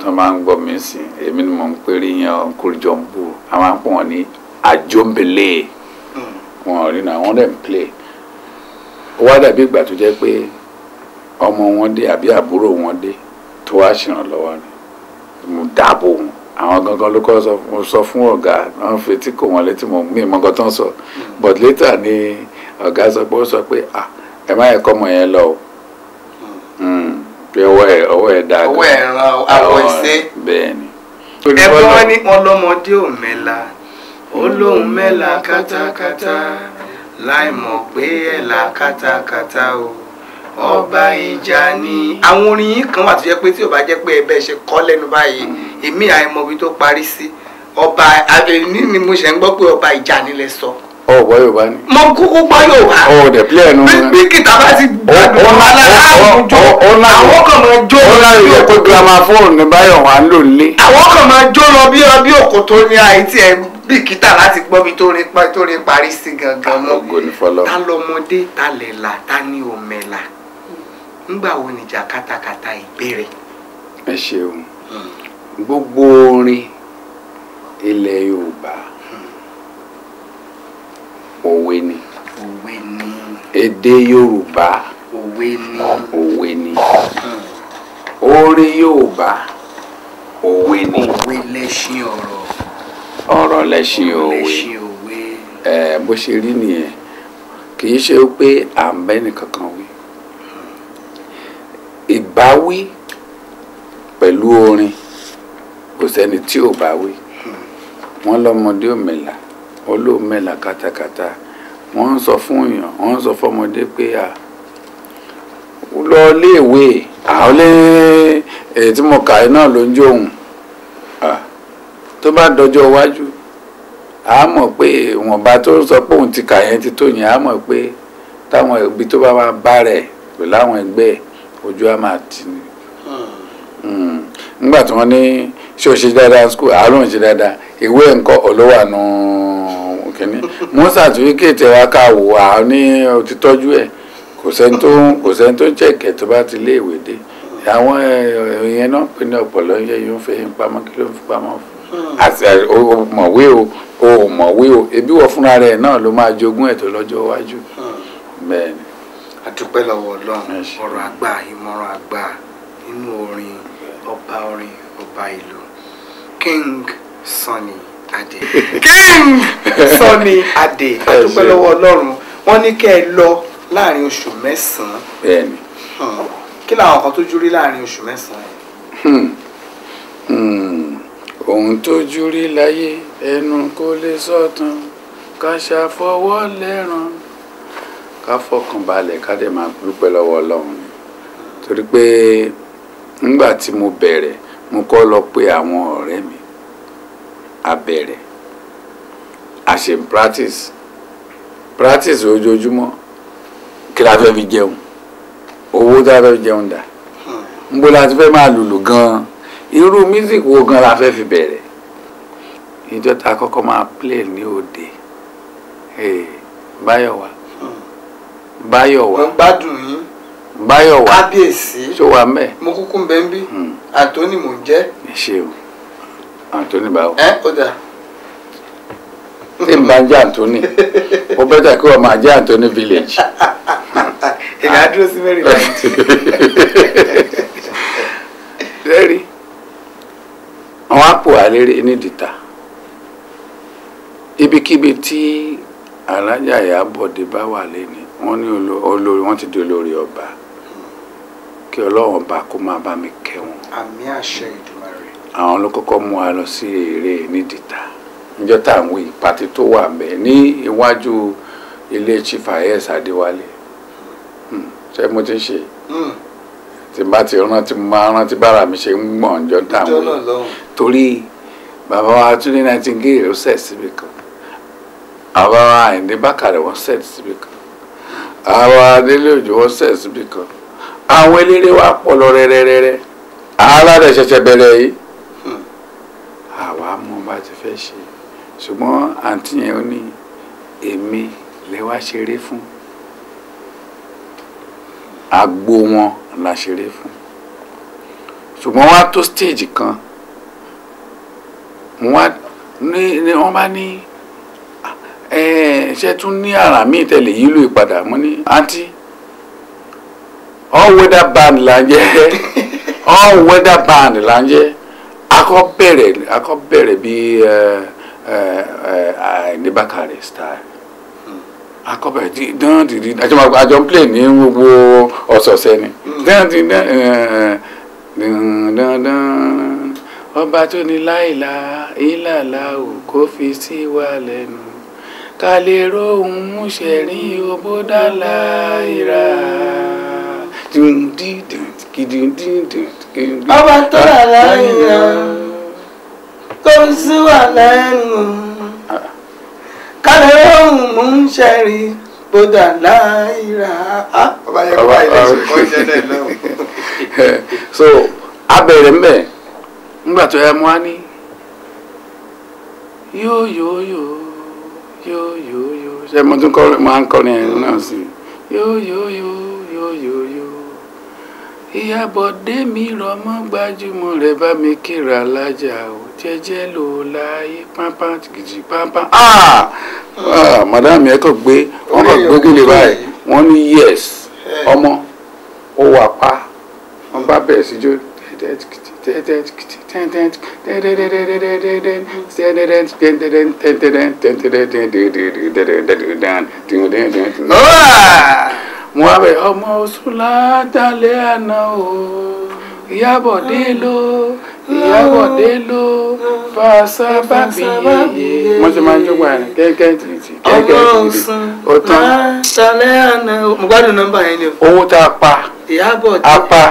[SPEAKER 2] tó máa ń gbọ́ mi sí èmi ni mò ń péré yan kúrìjọ ń bù àwọn àpò wọn ní àjọmbélé wọn rí náà wọn dẹ̀ ń plé ó wá dàbí ìgbà tó jẹ́ pé ọmọ wọn dé àbí àbúrò wọn dé tó wá ṣèrànlọ́wọ́ ni mo dáàbò wọn àwọn gangan ló kọ́ sọ fún ọ̀gá wọn fi etí kò wọn létí mo mí ìmọ̀gàn tó ń sọ but later ni ọ̀gá sọ pé ó sọ pé ẹ má yẹ kọ́ ọmọ yẹn lọ o. Hmm pé ọwọ́ ẹ̀ ọwọ́ ẹ̀ dáadáa ọwọ́ ẹ̀ ran àwọ̀ ẹ̀sẹ̀ bẹ́ẹ̀ ni. ẹ̀bùn wọn
[SPEAKER 3] ní wọn lọ́mọdé ò mẹ́la ó lóun mẹ́la kátákátá láì mọ̀ pé ẹ̀la kátákátá o ọba ìjà ni. àwọn orin yìí kan wà tó jẹ́ pé tí ò bá jẹ́ pé ẹ bẹ́ẹ̀ ṣe kọ́ lẹ́nu báyìí èmi àìmọ̀ ibi tó parí sí ọba ní ni mo ṣe ń gbọ́ pé ọba ìjà nílẹ̀ sọ.
[SPEAKER 2] So ọ gbọ́ yorùbá ni.
[SPEAKER 1] mo kúkú gbọ́
[SPEAKER 2] yorùbá. ọ dẹ̀ pílẹ̀ ẹnu. bí kìtà bá ti gbàdúrà aláàjò àwọn kan máa jó lọ bí òkòtò. ó náà yẹ pé gramophone ní báyọ̀ wà ń lò nílé.
[SPEAKER 3] àwọn kan máa jó lọ bí ọbí òkòtò ní àìtí ẹ̀ bí kìtà láti gbọ́ mi tó rí parí sí gangan lọ. àgọ́ ní fọlọ́. ta lọmọdé ta lẹ̀la ta ni òmẹ̀la ńgbà wo nìjà kátàkátà ìbéèrè.
[SPEAKER 2] ẹ ṣeun hmm. gbogbo orin ilẹ̀ yorùbá òwe ni. òwe ni. èdè yorùbá. òwe ni. òwe ni. Hmm. orí yorùbá. òwe ni. òwe lẹ́ṣin ọ̀rọ̀. ọ̀rọ̀ lẹ́ṣin òwe. lẹ́ṣin òwe. ẹ bó ṣe rí nìyẹn kì í ṣe pé à ń bẹ́ nìkankan wí. ìbáwí pẹ̀lú orin kò sẹ́ni tí ò bá hmm. wọ́n lọ́mọdé òmìnira olóòmẹ́là katakata wọ́n ń sọ fún èèyàn wọ́n ń sọ fọmọdé pé à lọ léèwé àwọn lé èyí tí mo kà í náà ló ń jó òun tó bá dọjọ́ iwájú a mọ̀ pé ìwọ̀nba tó ń sọ pé òun ti kà yẹn ti tó yẹn a mọ̀ pé táwọn ibi tó bá máa bá rẹ̀ pẹ̀lú àwọn ẹgbẹ́ ojú á máa tì ní. Hmm. nígbà tí wọ́n ní ṣé o ṣe dáadáa school àárọ̀ ń ṣe dáadáa ìwé ẹ̀ńkọ́ ọ̀lọ́wà nù. No kínní mú sàtúwíkètì wa ká wò á ní òtítọ́jú ẹ̀ kò sẹ́ni tó ń kò sẹ́ni tó ń chẹ̀kẹ̀ tó bá ti lé ìwé dé àwọn èèyàn eh, náà pè ní ọ̀pọ̀ lọ́yẹ yóò fẹ́ yín pamọ́ kí ló ń fi pamọ́ hmm. àti mọ̀wé o o mọ̀wé o ebi wọ fúnra rẹ̀ náà ló máa jogún ẹ̀tọ́ lọ́jọ́ iwájú hmm. bẹ́ẹ̀ ni. a dúpẹ́ lọ́wọ́ ọlọ́run ọ̀rọ̀ àgbà ìmọ̀ràn àgbà nínú orin ọba orin ọba
[SPEAKER 3] ìlú King Sunny
[SPEAKER 1] adé king sọni
[SPEAKER 3] adé adúpẹ́ lọ́wọ́ ọlọ́run wọ́n ní kẹ́ ẹ lọ láàrin oṣù mẹ́sàn-án
[SPEAKER 1] bẹ́ẹ̀ni
[SPEAKER 2] hmm. kí làwọn kan tójú rí láàrin oṣù mẹ́sàn-án yìí. Hmm. Hmm. ohun tójú rí láyé ẹnu kò lè sọ tán ká ṣàfọwọ́ lẹ́ràn ká fọkàn balẹ̀ ká dẹ̀ máa dúpẹ́ lọ́wọ́ ọlọ́run ni torí pé nígbà tí mo bẹ̀rẹ̀ mo kọ́ lọ pé àwọn ọ̀rẹ́ mi a bẹ̀rẹ̀ a ṣe ń practice practice ojoojúmọ́ kí la fẹ́ fi jẹun owó tá a fẹ́ fi jẹun dà ń hmm. bó la ti fẹ́ máa lùlù gan-an irú music wo gan la fẹ́ fi bẹ̀rẹ̀ ìjọ ta kọ́kọ́ máa play ní òde báyọ̀ wá báyọ̀ wá gbádùn yín báyọ̀ wá kábíyèsí ṣó wa mẹ́ mo kúkú ń bẹ́ ń bí hmm. àtọ́ni mò ń jẹ́. ẹ ṣeun Anthony báwo. ẹ ó dà. tí n bá ń jẹ́ Anthony ó bẹ́tà kí wọ́n máa jẹ́ Anthony village. èmi á dúró sí mẹ́rin báyìí. lẹ́rìí àwọn àpò àlérè ní dìtà ibikíbi tí alájà Ìyábọ̀dé bá wà lẹ́ni wọ́n ní olórí wọ́n ti di olórí ọba kí ọlọ́run ọba kó máa bá mi kẹ́ wọn. àmì àṣẹ ìdè àwọn ló kọ́kọ́ mú wa lọ sí eré nídìíta níjọ́ tá à ń wí pàtí tó wà bẹ́ẹ̀ ní iwájú ilé chief ayes adéwálé hmm, ṣé mo ti ṣe hmm. tí n bá ti rántí mo máa rántí bára mi ṣe ń gbọ̀n níjọ́ tá à ń wí torí bàbá wa Túndé Nightingale ó sẹ̀ síbi kan àwa Àyìndé Bákàrẹ̀ wọ́n sẹ̀ síbi kan àwa Délé Òjó wọ́n sẹ̀ síbi kan àwọn eléré wa pọ̀ lọ rẹ́rẹ́rẹ́rẹ́ àárá ṣẹ̀ṣẹ̀ bẹ̀rẹ̀ yìí àwa mọ̀ bá ti fẹ́ ṣe ṣùgbọ́n àǹtí yẹn ó ní èmi lè wá ṣeré fún agbo wọn la ṣeré fún ṣùgbọ́n wá tó stage kan wọ́n bá ní ṣe tún ní àrà míì tẹ̀lé yìí ló ìpadà mọ́ ní àǹtí all weather band là ń jẹ́ all weather band là ń jẹ́ akọ bẹ̀rẹ̀ akọ bẹ̀rẹ̀ bí ní Bákàrẹ̀ style akọ bẹ̀rẹ̀ di dán dìdí àjọ play ní gbogbo ọ̀sọ̀ọ̀sẹ̀ ni dán dìdí dán dán dán ọba tó ní láìla ìlàlà ò kó fi sí wa lẹ́nu ká lè róhun múṣẹ rí owó dá láìra dùndín dùn kìdùndín dùn ọba tó wà lẹ́yìn náà
[SPEAKER 3] tó ń sí wà lẹ́nu kálẹ̀ ohun mú ń ṣẹ̀rí bódà láìra. Ah, ọba yẹn wá ilé ìṣòkò
[SPEAKER 2] ìṣẹ̀lẹ̀ náà. so abẹ̀rẹ̀ mbẹ̀ ńgbà tó yẹ mú wá ní yóò yóò yóò yóò yóò yóò ṣe mo tún kọ́ máa ń kọ́ ni ẹ̀rín náà sí yóò yóò yóò yóò yóò ìyá Bọ̀dé mi rọmọ gbajúmọ̀ rẹ̀ bá mi kíra lájà o jẹ́jẹ́ ló láyé pápá gidi pápá. Ah! Ah, madame yẹn gbé wọn kàn gbé gèlè báyìí wọn ní yes eh. ọmọ ó wà pa wọn bá bẹ̀rẹ̀ sí jó Ah! wọn á bẹ ọmọ oṣù látàlẹ́ àná o ìyábọ̀dé ló ìyábọ̀dé ló fàṣàbàbí yèyé. wọ́n ti máa ń jọ́gbà rẹ̀ gẹ́gẹ́ tìrìtì
[SPEAKER 3] gẹ́gẹ́ tìrìtì ó tán. látàlẹ́ àná o mo gbádùn nọ́mbà yẹn ni o. owó tá a pa a pa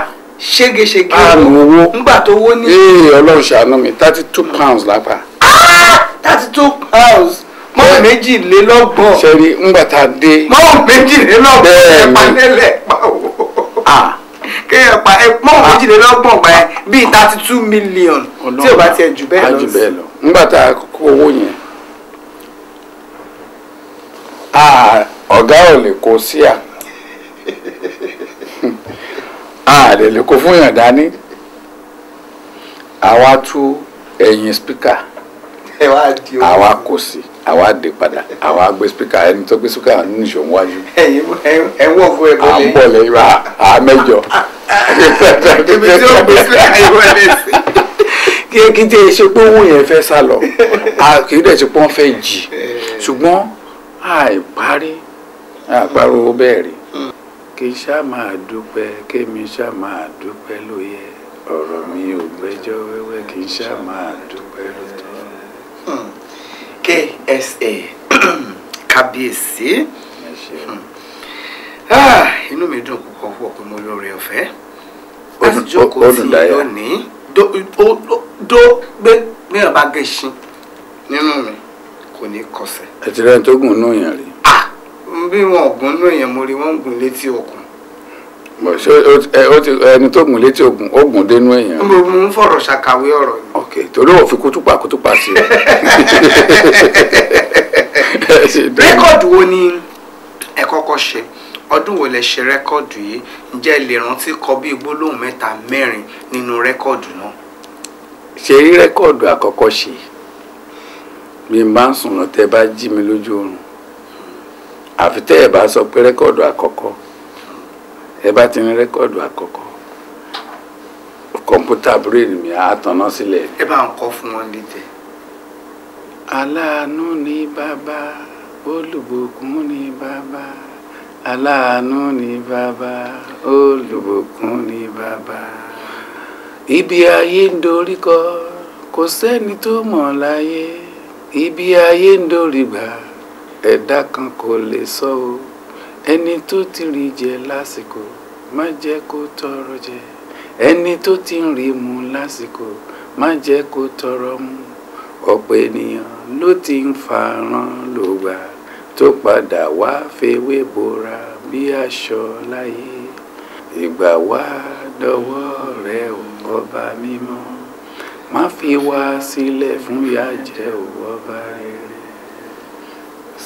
[SPEAKER 3] ségesège àrùn owó ńgbà tó wó ní. ee ọlọ́run ṣàánú
[SPEAKER 2] mi thirty two pounds lápá. Ah! thirty two pounds mọ́ọ̀ méjìlélọ́gbọ̀n. sẹ́rí ńgbà tá a dé. mọ́ọ̀ méjìlélọ́gbọ̀n ẹ̀ panẹ́lẹ̀ báwo.
[SPEAKER 3] kéèyàn pa ẹ mọ́ọ̀ méjìlélọ́gbọ̀n pa ẹ bíi thirty two million tí o
[SPEAKER 2] bá tiẹ̀ jù bẹ́ẹ̀ lọ. ńgbà tá a kó owó yẹn. ọ̀gá ò lè kó sí à. a lè lè kó fún yàn dání. àwa tú ẹ̀yìn spíkà. àwa kò sí àwa dé padà àwa gbé spika ẹni tó gbé spika níṣó ń wájú. ẹ wọ fún ẹgbẹ́ lẹ́yìn. à ń bọ̀ lẹ́yìn wa à á mẹ́jọ. ibi tí ó gbé spika yìí wọlé sí. kí kí tí ẹ ṣe pé òun yẹn fẹ́ sá lọ kì í dẹ̀ ṣe pé wọ́n fẹ́ jì eh. ṣùgbọ́n àìparí àparò bẹ́ẹ̀ rí hmm. kí ṣá máa dúpẹ́ kémi ṣá máa dúpẹ́ ló yẹ ọ̀rọ̀ mi ò gbẹ́jọ́ wẹ́wẹ́ kí ṣá máa dúpẹ́ ló tọ́. Hmm. Hmm. KSA kábíyèsí hmm.
[SPEAKER 3] inú mi dùn púpọ̀ púpọ̀ pé mo lóore ọ̀fẹ́ láti jókòó tí lónìí dó gbé mìíràn bá gẹṣin nínú mi kò ní kọsẹ̀.
[SPEAKER 2] ẹ ti rẹ́ni tó gùn náà yàn rí. Ah!
[SPEAKER 3] bí wọn ò gùn náà yàn mo rí wọn gùn létí okùn
[SPEAKER 2] ẹni tó gùn létí ogun ó gùn dénú èèyàn. mo mú fọ̀rọ̀ ṣàkàwé ọ̀rọ̀ ni. ok torí ò fi kútùpà kútùpà sí i.
[SPEAKER 3] rẹ́kọ̀dù wo ni ẹ kọ́kọ́ ṣe ọdún wo lẹ ṣe rẹ́kọ̀dù yìí ǹjẹ́ ẹ lè rántí kọ bí gbólóhùn mẹ́ta mẹ́rin nínú rẹ́kọ̀dù náà.
[SPEAKER 2] ṣe rí rẹ́kọ̀dù àkọ́kọ́ ṣe mi máa ń sùn lọ́tẹ́ bá jí mi lójú oorun àfi ẹ̀ bá sọ pé rẹ́kọ̀dù àkọ́kọ́ ẹ bá ti ní rẹ́kọ̀dù àkọ́kọ́ kọ̀ǹpútà brain mi àtọ̀nà sílẹ̀. ẹ bá ń kọ́ fún wọn dídẹ. aláàánú ni bàbá olùbùkún ni bàbá aláàánú ni bàbá olùbùkún ni bàbá ibi ayé ń dorí kọ kò sẹ́ni tó mọ̀ láyé ibi ayé ń dorí gbà ẹ̀dá kan kò lè sọ o ẹni tó ti rí jẹ lásìkò má jẹ́ kó tọrọ jẹ ẹni tó ti ń rí mu lásìkò má jẹ́ kó tọrọ mu ọ̀pọ̀ ènìyàn ló ti ń farán lògbà tó padà wá fewé bora bí aṣọ láyé ìgbà wá dọwọ́ rẹ ọba mímọ́ má fi wá sílẹ̀ fún yàjẹ́ ọba rere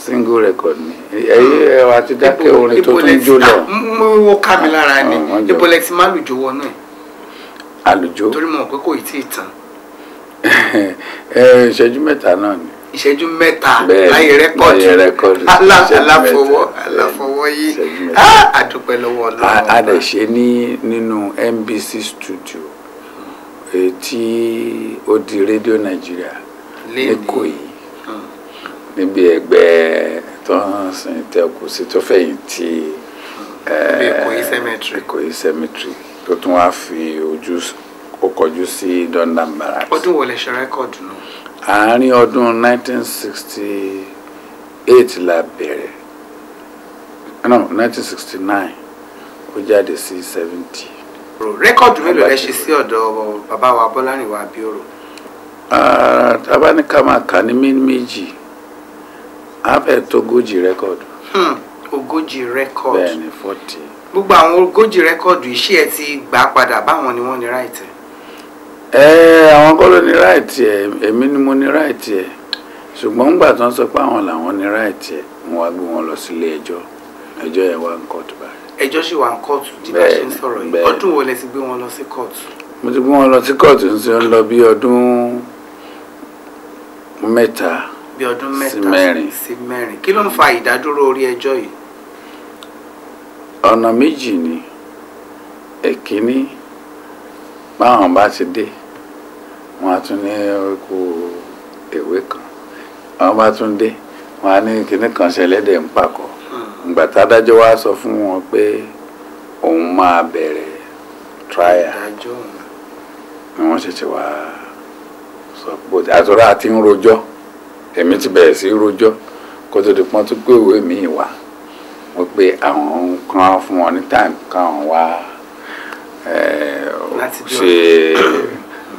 [SPEAKER 2] single record ni ẹyẹ ẹwà ti dákẹ́ orin tó tún jó lọ. Ah, mo ká mi lára ni ibo lẹ
[SPEAKER 3] ti má lùjó wọnú ẹ. àlùjó torí mo mọ̀ pé kò tí ì tán.
[SPEAKER 2] Eh, ìṣẹ́jú mẹ́ta náà ni. ìṣẹ́jú mẹ́ta láyé rẹ́kọ̀dù aláfọwọ́ aláfọwọ́ yìí àdúpẹ́ lọ́wọ́ ọlọ́run. a lè ṣe ní nínú NBC studio tí ó di Radio Nigeria lẹ́kọ̀ọ́ yìí níbi ẹgbẹ́ tó ń sin tẹ́kù sí tó fẹ̀yìn tì Ikoyi cemetery tó tún wá fi ojú ó kọjú sí London Barracks. ọdún wo
[SPEAKER 3] lè ṣe rẹ́kọ̀dù náà.
[SPEAKER 2] àárín ọdún 1968 la bẹ̀rẹ̀ no 1969 ó jáde sí 70.
[SPEAKER 3] rẹ́kọ̀dù mélòó lẹ ṣe sí ọ̀dọ̀ bàbá wa Bọ́lárìnwá Abíọ́rò.
[SPEAKER 2] Ah, tá a bá ní ká máa kà ní méjì abẹ tógójì rẹkọọdù.
[SPEAKER 3] Hmm, ogójì rẹkọọdù bẹ́ẹ̀ni forty. gbogbo àwọn ogójì rẹkọọdù
[SPEAKER 2] iṣẹ́ ẹ ti gbà padà báwọn ni wọ́n ní ráìtì. ẹ àwọn kọ́ ní ráìtì ẹ èmi ni mo ní ráìtì ẹ ṣùgbọ́n ńgbà tó ń sọ pé àwọn làwọn ní ráìtì ẹ wọ́n wá gbé wọn lọ sílé ẹjọ́ ẹjọ́ yẹn wá ń kóòtù báyìí.
[SPEAKER 3] ẹjọ́ sì wà ń kóòtù tí bá ṣe ń sọ̀rọ̀ yìí ọdún wo lẹ ti gbé wọn lọ sí kóòtù.
[SPEAKER 2] mo ti gbé wọn lọ sí kóòtù ń sọ lọ bí ọdún mẹ́ta bí ọdún mẹ́ta
[SPEAKER 3] sí mẹ́rin kí ló ń fa ìdádúró orí ẹjọ́ yìí.
[SPEAKER 2] ọ̀nà méjì ni èkíní báwọn bá ti dé wọn á tún ní kó ìwé kan wọn bá tún dé wọn á ní kíní kan ṣẹlẹ́dẹ̀ ń pakọ̀ hmm. ìgbà tádájọ́ wa sọ fún wọn pé òun máa bẹ̀rẹ̀ tráyà ni wọ́n ṣẹ̀ṣẹ̀ wá sọ pé àtúrà àti ń rojọ́ èmi ti bẹ̀rẹ̀ sí rojọ́ kó tó di pọ́n tó gbé ìwé mi wá wọ́n pé àwọn kan fún wọn ní time káwọn wá eh, ṣe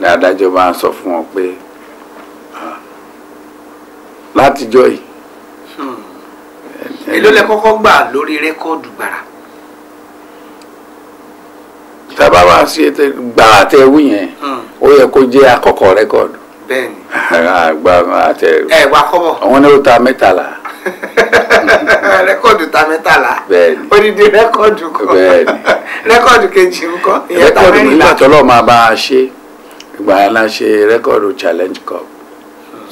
[SPEAKER 2] ní adájọ́ bá ń sọ fún wọn pé látijọ́ yìí. Hmm. èló lẹ kọ́kọ́ gbà lórí rẹ́kọ́ọ̀dù gbàrà. tàbá wá sí gbàrà tẹ wí yẹn hmm. ó yẹ kó jẹ́ àkọ́kọ́ rẹ́kọ́ọ̀dù bẹ́ẹ̀ni. àgbà àtẹ. ẹ wà kọ́bọ̀. àwọn ní ó ta mẹ́tàlá.
[SPEAKER 3] rẹ́kọ̀dù ta mẹ́tàlá. bẹ́ẹ̀ni. odidi rẹ́kọ̀dù kan. bẹ́ẹ̀ni. rẹ́kọ̀dù kejì ńkọ́.
[SPEAKER 2] ìyẹn ta mẹ́rìnlá. rẹ́kọ̀dù nígbà tọ́lọ́ máa bá a ṣe ìgbà yẹn la ṣe rẹ́kọ̀dù challenge cup.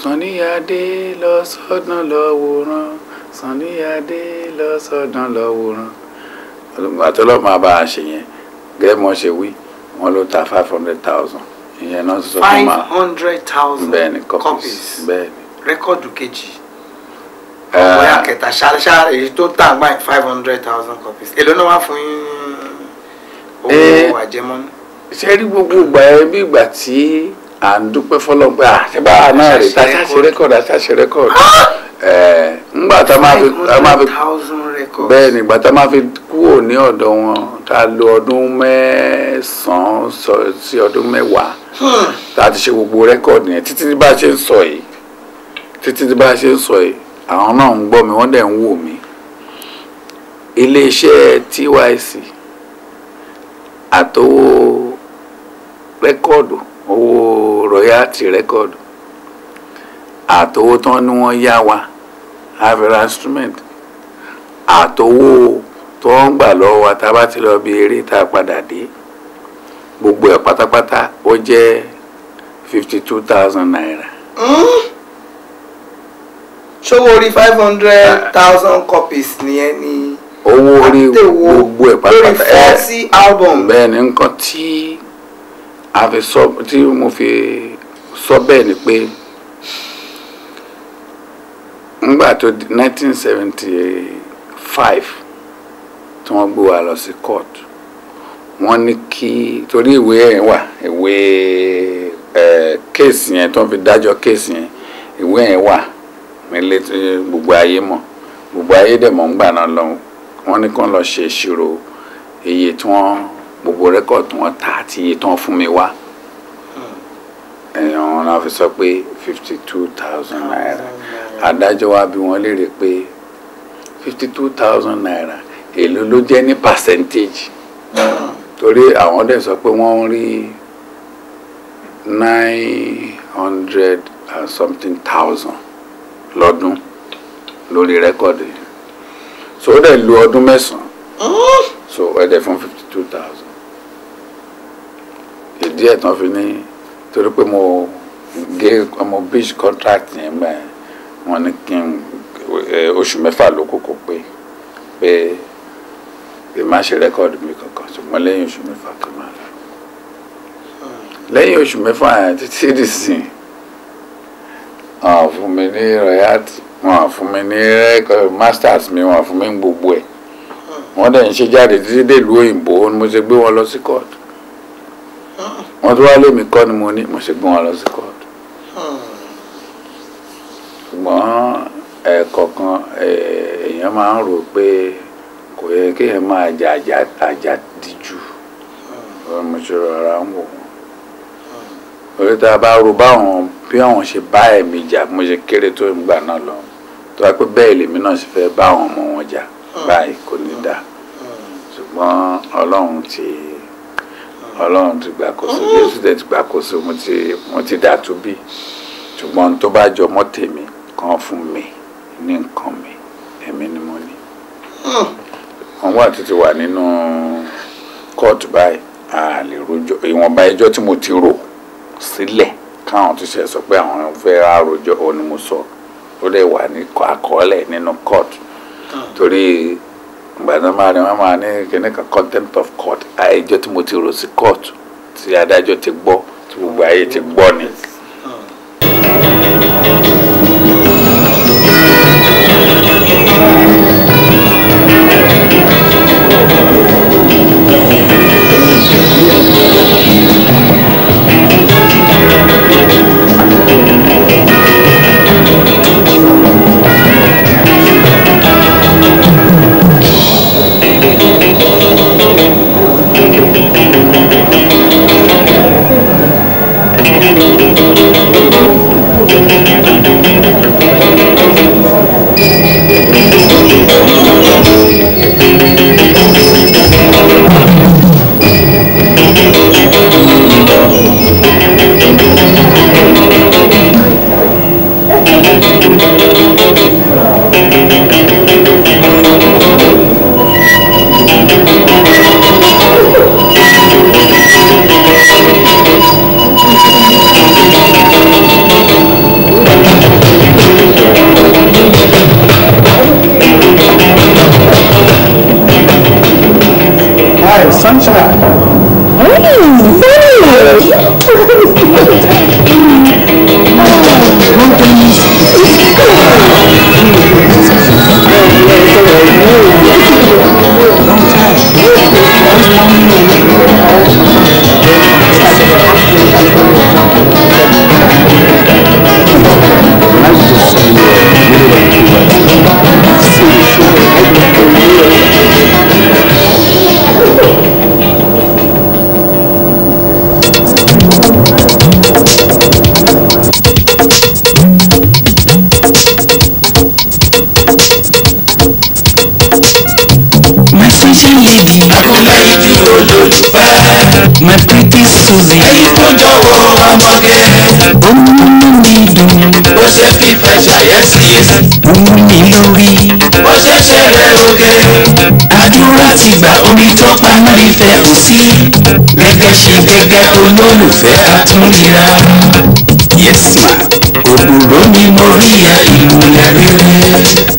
[SPEAKER 2] Sunnyade lọ sọ́dún lọ wòran Sunnyade lọ sọ́dún lọ wòran. àtọ́lọ́ máa bá a ṣe yẹn gẹ́gẹ́ bí wọ́n ṣe wí wọ́n ló ta five hundred thousand ìyẹn náà sọ fún ma five hundred
[SPEAKER 3] thousand copies bẹ́ẹ̀ni rẹ́kọ̀dù kejì ọ̀bọ̀yà kẹta ṣáṣá èyí tó tà gbà five hundred thousand copies èló náà wá fún
[SPEAKER 2] owó àjẹmọ́nú. ṣé rí gbogbo ìgbà ẹ bí ìgbà tí à ń dúpẹ́ fọlọ́gbà àtẹ́bá náà rè tá a ṣe rẹ́kọ̀dù a ṣe rẹ́kọ̀dù ngbà ah! tá a máa fi bẹ́ẹ̀ ni ìgbà tá a máa fi kúrò ní ọ̀dọ̀ wọn tá a ọdún mẹ́sàn-án sí ọdún mẹ́wàá láti ṣe gbogbo rẹ́kọ̀dì yẹn títí bá a ṣe ń sọ yìí títí bá a ṣe ń sọ yìí àwọn náà ń gbọ́ mi wọ́n dẹ̀ ń wò mí iléeṣẹ́ TYC àtowó rẹ́kọ̀dù owó royalty rẹ́kọ̀dù àtowó tán ni wọ́n yá wa avera instrument àtowó tó ń gbà lọ́wọ́ wa tá a bá ti lọ bí eré tá a padà dé gbogbo ẹ̀ pátápátá ó jẹ́ fifty two thousand naira.
[SPEAKER 3] Hmm? ṣówó orí five hundred
[SPEAKER 2] thousand copies nìyẹn ni owó orí gbogbo ẹ̀ pátápátá lórí forty eh, album. bẹ́ẹ̀ ni nǹkan tí a fi sọ tí mo fi sọ bẹ́ẹ̀ ni pé ngbà tó nineteen seventy five tí wọ́n gbé wa lọ sí court wọ́n ní kí torí ìwé ẹ̀ wà ìwé kéèsì yẹn tó ń fi dájọ́ kéèsì yẹn ìwé ẹ̀ wà nílé gbogbo ayé mọ̀ gbogbo ayé dẹ̀ mọ̀ ń gbà náà lọ wọ́n ní kí wọ́n lọ ṣe ìṣirò iye tí wọ́n gbogbo rẹ́kọ̀d tí ta àti iye tí wọ́n fún mi wá èèyàn wọn náà fi sọ pé fifty two thousand naira adájọ́ wa bí wọ́n léèrè pé fifty two thousand naira èló ló jẹ́ ní percentage torí àwọn dẹ̀ sọ pé wọ́n rí nine hundred and something thousand lọ́dún lórí rẹ́kọ̀dì so ó dẹ̀ lu ọdún mẹ́sàn-án so ẹ dẹ̀ fún fifty two thousand ìdí ẹ̀ tán fi ní torí pé mo gé ọmọ beach contract yẹn bẹ́ẹ̀ wọ́n ní kí n oṣù mẹ́fà ló kókó pé pé lè má ṣe rẹ́kọ̀dù mi kankan ṣùgbọ́n lẹ́yìn oṣù mẹ́fà tó máa lọ lẹ́yìn oṣù mẹ́fà títí dìsìn wọn fún mi ní royalty wọn fún mi ní masters mi wọn fún mi ní gbogbo ẹ̀ wọ́n dẹ̀ ń ṣe jáde títí dé ìlú òyìnbó ni mo ṣe gbé wọn lọ sí court wọ́n tó wá lémi kọ́ ni mo ní mo ṣe gbé wọn lọ sí court ṣùgbọ́n ẹ̀ẹ̀kọ̀ọ̀kan èèyàn máa ń rò pé kò yẹ kéèyàn máa jà àjà àjà dìjú ọmọ ìṣòro ara ń wò wọn orí tá a bá ro báwọn bí àwọn ṣe bá ẹ̀mí jà mo ṣe kéré tó ń gbà náà lọ tó wá pé bẹ́ẹ̀ lèmi náà ṣe fẹ́ bá àwọn ọmọ wọn jà báyìí kò ní dáa ṣùgbọ́n ọlọ́run ti ọlọ́run ti gbàkóso jésù dẹ̀ ti gbàkóso mo ti mo ti dà tó bí ṣùgbọ́n tó bá jọ mọ́ tèmi kan fún mi ní nǹkan mi ẹ̀mí ni mo ní wọ́n wà títí wà nínú court báyìí a lè rojọ́ ìwọ̀nba ẹjọ́ tí mo ti rò sílẹ̀ káwọn ti ṣe sọ pé àwọn fẹ́ rárojọ́ òun ni mo sọ ó lè wà ní àkọọ́lẹ̀ nínú court ah. torí gbàdán máa ní wọn máa ní kíní kan contempt of court ẹjọ́ tí mo ti rò sí court tí adájọ́ ti gbọ́ tí gbogbo ayé ti gbọ́ ni. thank ah. you
[SPEAKER 1] Suzy. Ẹyin tó jọ̀wọ́ ọmọge. Omi mi dùn. Ó ṣe fífẹ́ ṣàyẹ̀sí. Omi mi lórí. Ó ṣe ṣẹlẹ̀ oge. Àdúrà ti gbà omi tó paná ìfẹ́ ò sí. Gẹ́gẹ́ ṣe gẹ́gẹ́ olólùfẹ́ àtúnira. Yes òbúrò ni mo rí ya ìmúlẹ̀ rere.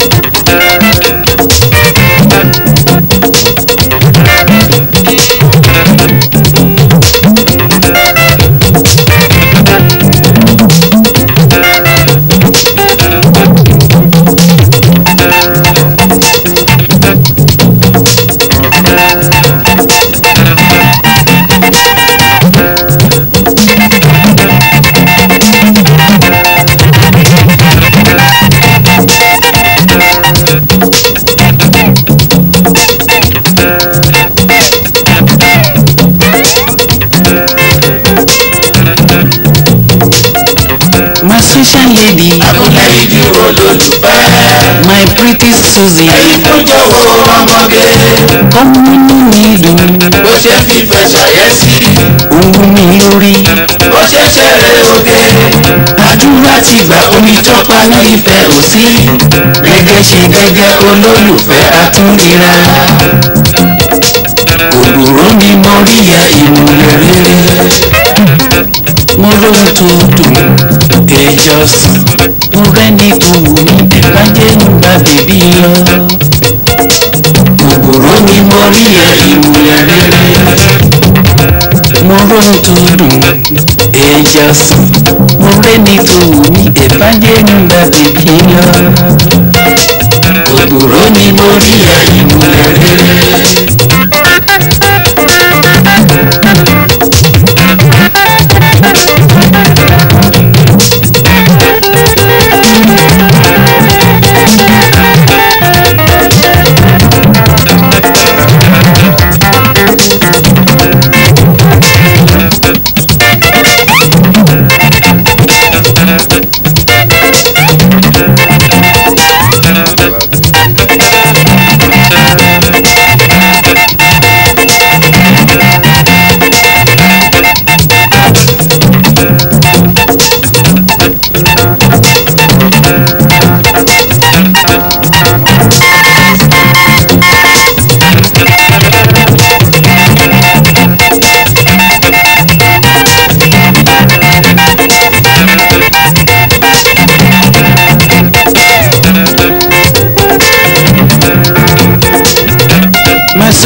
[SPEAKER 1] African lady. Amúnáyíjú olólùfẹ́. My pretty Susie. Ẹyin tó jọ̀wọ́ ọmọge. Ọmọ inú mi dùn. Bó ṣe fífẹ́ ṣàyẹ́sí. Òun mi lórí. Ó ṣe ṣẹ̀rẹ̀ oge. Àdúrà ti gbà omi tọ́pa lórí ìfẹ́ ò Gẹ́gẹ́ ṣe gẹ́gẹ́ olólùfẹ́ àtúndìra. Òdòrò ni mo rí ya rere. Mo lóhun tó dùn òkè Jos mo rẹ́ni tó wù mí lájẹ́ ń gba bèbí lọ. kòkòrò ni mo rí ẹ ìwúyẹ rere mo róhun tó dùn ẹja sùn mo rẹ́ni tó wù mí ìbájẹ́ ń bèbí lọ. kòkòrò ni mo rí ẹ.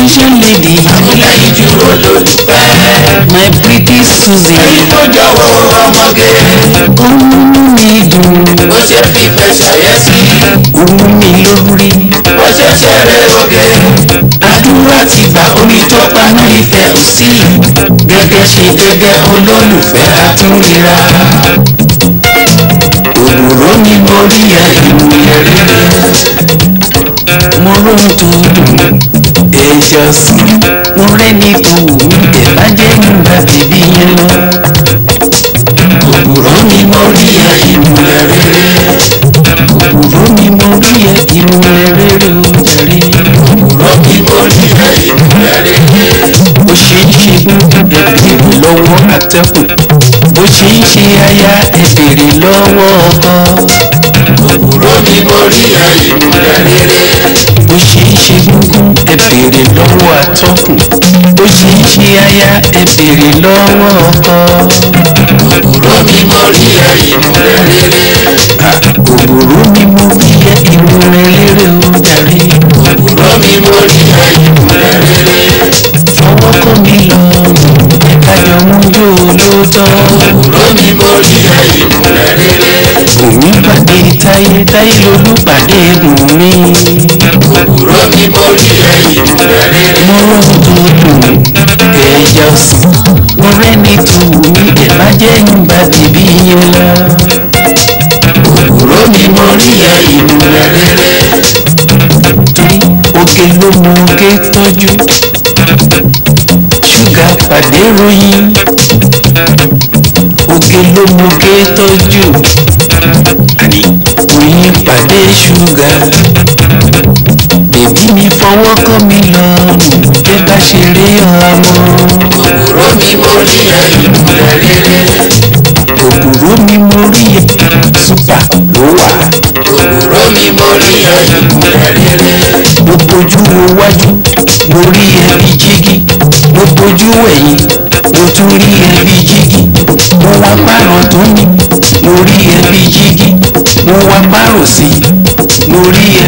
[SPEAKER 1] Asian lady. Amúlẹ́yinjú olólùfẹ́. My pretty Susie. Ẹyin tó jọ̀wọ́ ọmọge. Ọmú mi dùn. Ó ṣe fífẹ́ ṣàyẹ́sí. Omi mi lórí. Ó ṣe ṣẹ̀rẹ̀ oge. Àdúrà ti gbà omi tó paná ìfẹ́ ò Gẹ́gẹ́ ṣe gẹ́gẹ́ olólùfẹ́ àtúnríra. Òwúrò ni mo rí ẹ ìmúyẹ rere. Mo lóhun tó dùn. Asians. Mo rẹ́ ní òwú ìbàjẹ́ nígbà tí bí yẹn lọ. Òwúrọ̀ mi mo rí ẹ ìmúlẹ̀ rere. Òwúrọ̀ mi mo rí ẹ ìmúlẹ̀ rere o jẹ̀rí. Òwúrọ̀ mi mo rí ẹ ìmúlẹ̀ rere. Bó ṣe ń ṣe gbọ́dọ̀ ẹ̀bìrì lọ́wọ́ àtẹ̀kùn. Bó ṣe ń ṣe aya ẹ̀bìrì lọ́wọ́ ọkọ. Òwúrọ̀ mi mo rí ẹ ìmúlẹ̀ rere. atọ́kùn ó yí yí aya ẹ bèrè ọkọ. òbúrò mi mo rí ẹ ìmúrẹ́ rere. òbúrò mi mo rí ẹ ìmúrẹ́ rere ó darí. òbúrò mi mo rí ẹ ìmúrẹ́ rere. fọwọ́ kó mi lọ́rùn ayọ̀ mú yóò ló tán. òbúrò mi mo rí ẹ ìmúrẹ́ rere. bùnmi pàdé táyé táyé lolú pàdé bùnmi ni mo rí ẹ̀yìn rẹ̀. mo rọrùn tó lò ẹ̀yà ọ̀sán mo rẹ́ni tó wù mí ìbàjẹ́ ń bá tìbí yẹn lọ. òwúrọ̀ ni mo rí ẹ̀yìn rẹ̀. torí oge ló mú oge tọ́jú ṣúgà pàdé ròyìn oge ló mú oge tọ́jú òyìn pàdé ṣúgà mi fọwọ́ kọ́ mi lọ́rùn jẹ́ ká ṣeré ọmọ. òkúrò mi mo rí ẹ ìmúlẹ̀ rere. òkúrò mi mo rí ẹ súpà ló wà. òkúrò mi mo rí ẹ ìmúlẹ̀ rere. mo bójú wo wájú mo rí ẹ bí mo bójú
[SPEAKER 2] ẹ̀yìn mo tún rí ẹ bí mo wá pààrọ̀ tó ní mo rí ẹ bí mo wá pààrọ̀ sí mo rí ẹ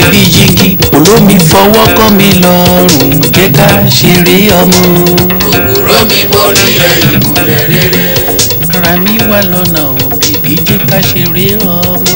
[SPEAKER 2] òró mi fọwọ́ kọ́ mi lọ́rùn jẹ́ ká ṣeré ọmọ. òwúrọ̀
[SPEAKER 1] mi borí ẹ̀ ìmùlẹ̀ rere. ara mi wà lọ́nà òbí bí jẹ́ ká ṣeré ọmọ.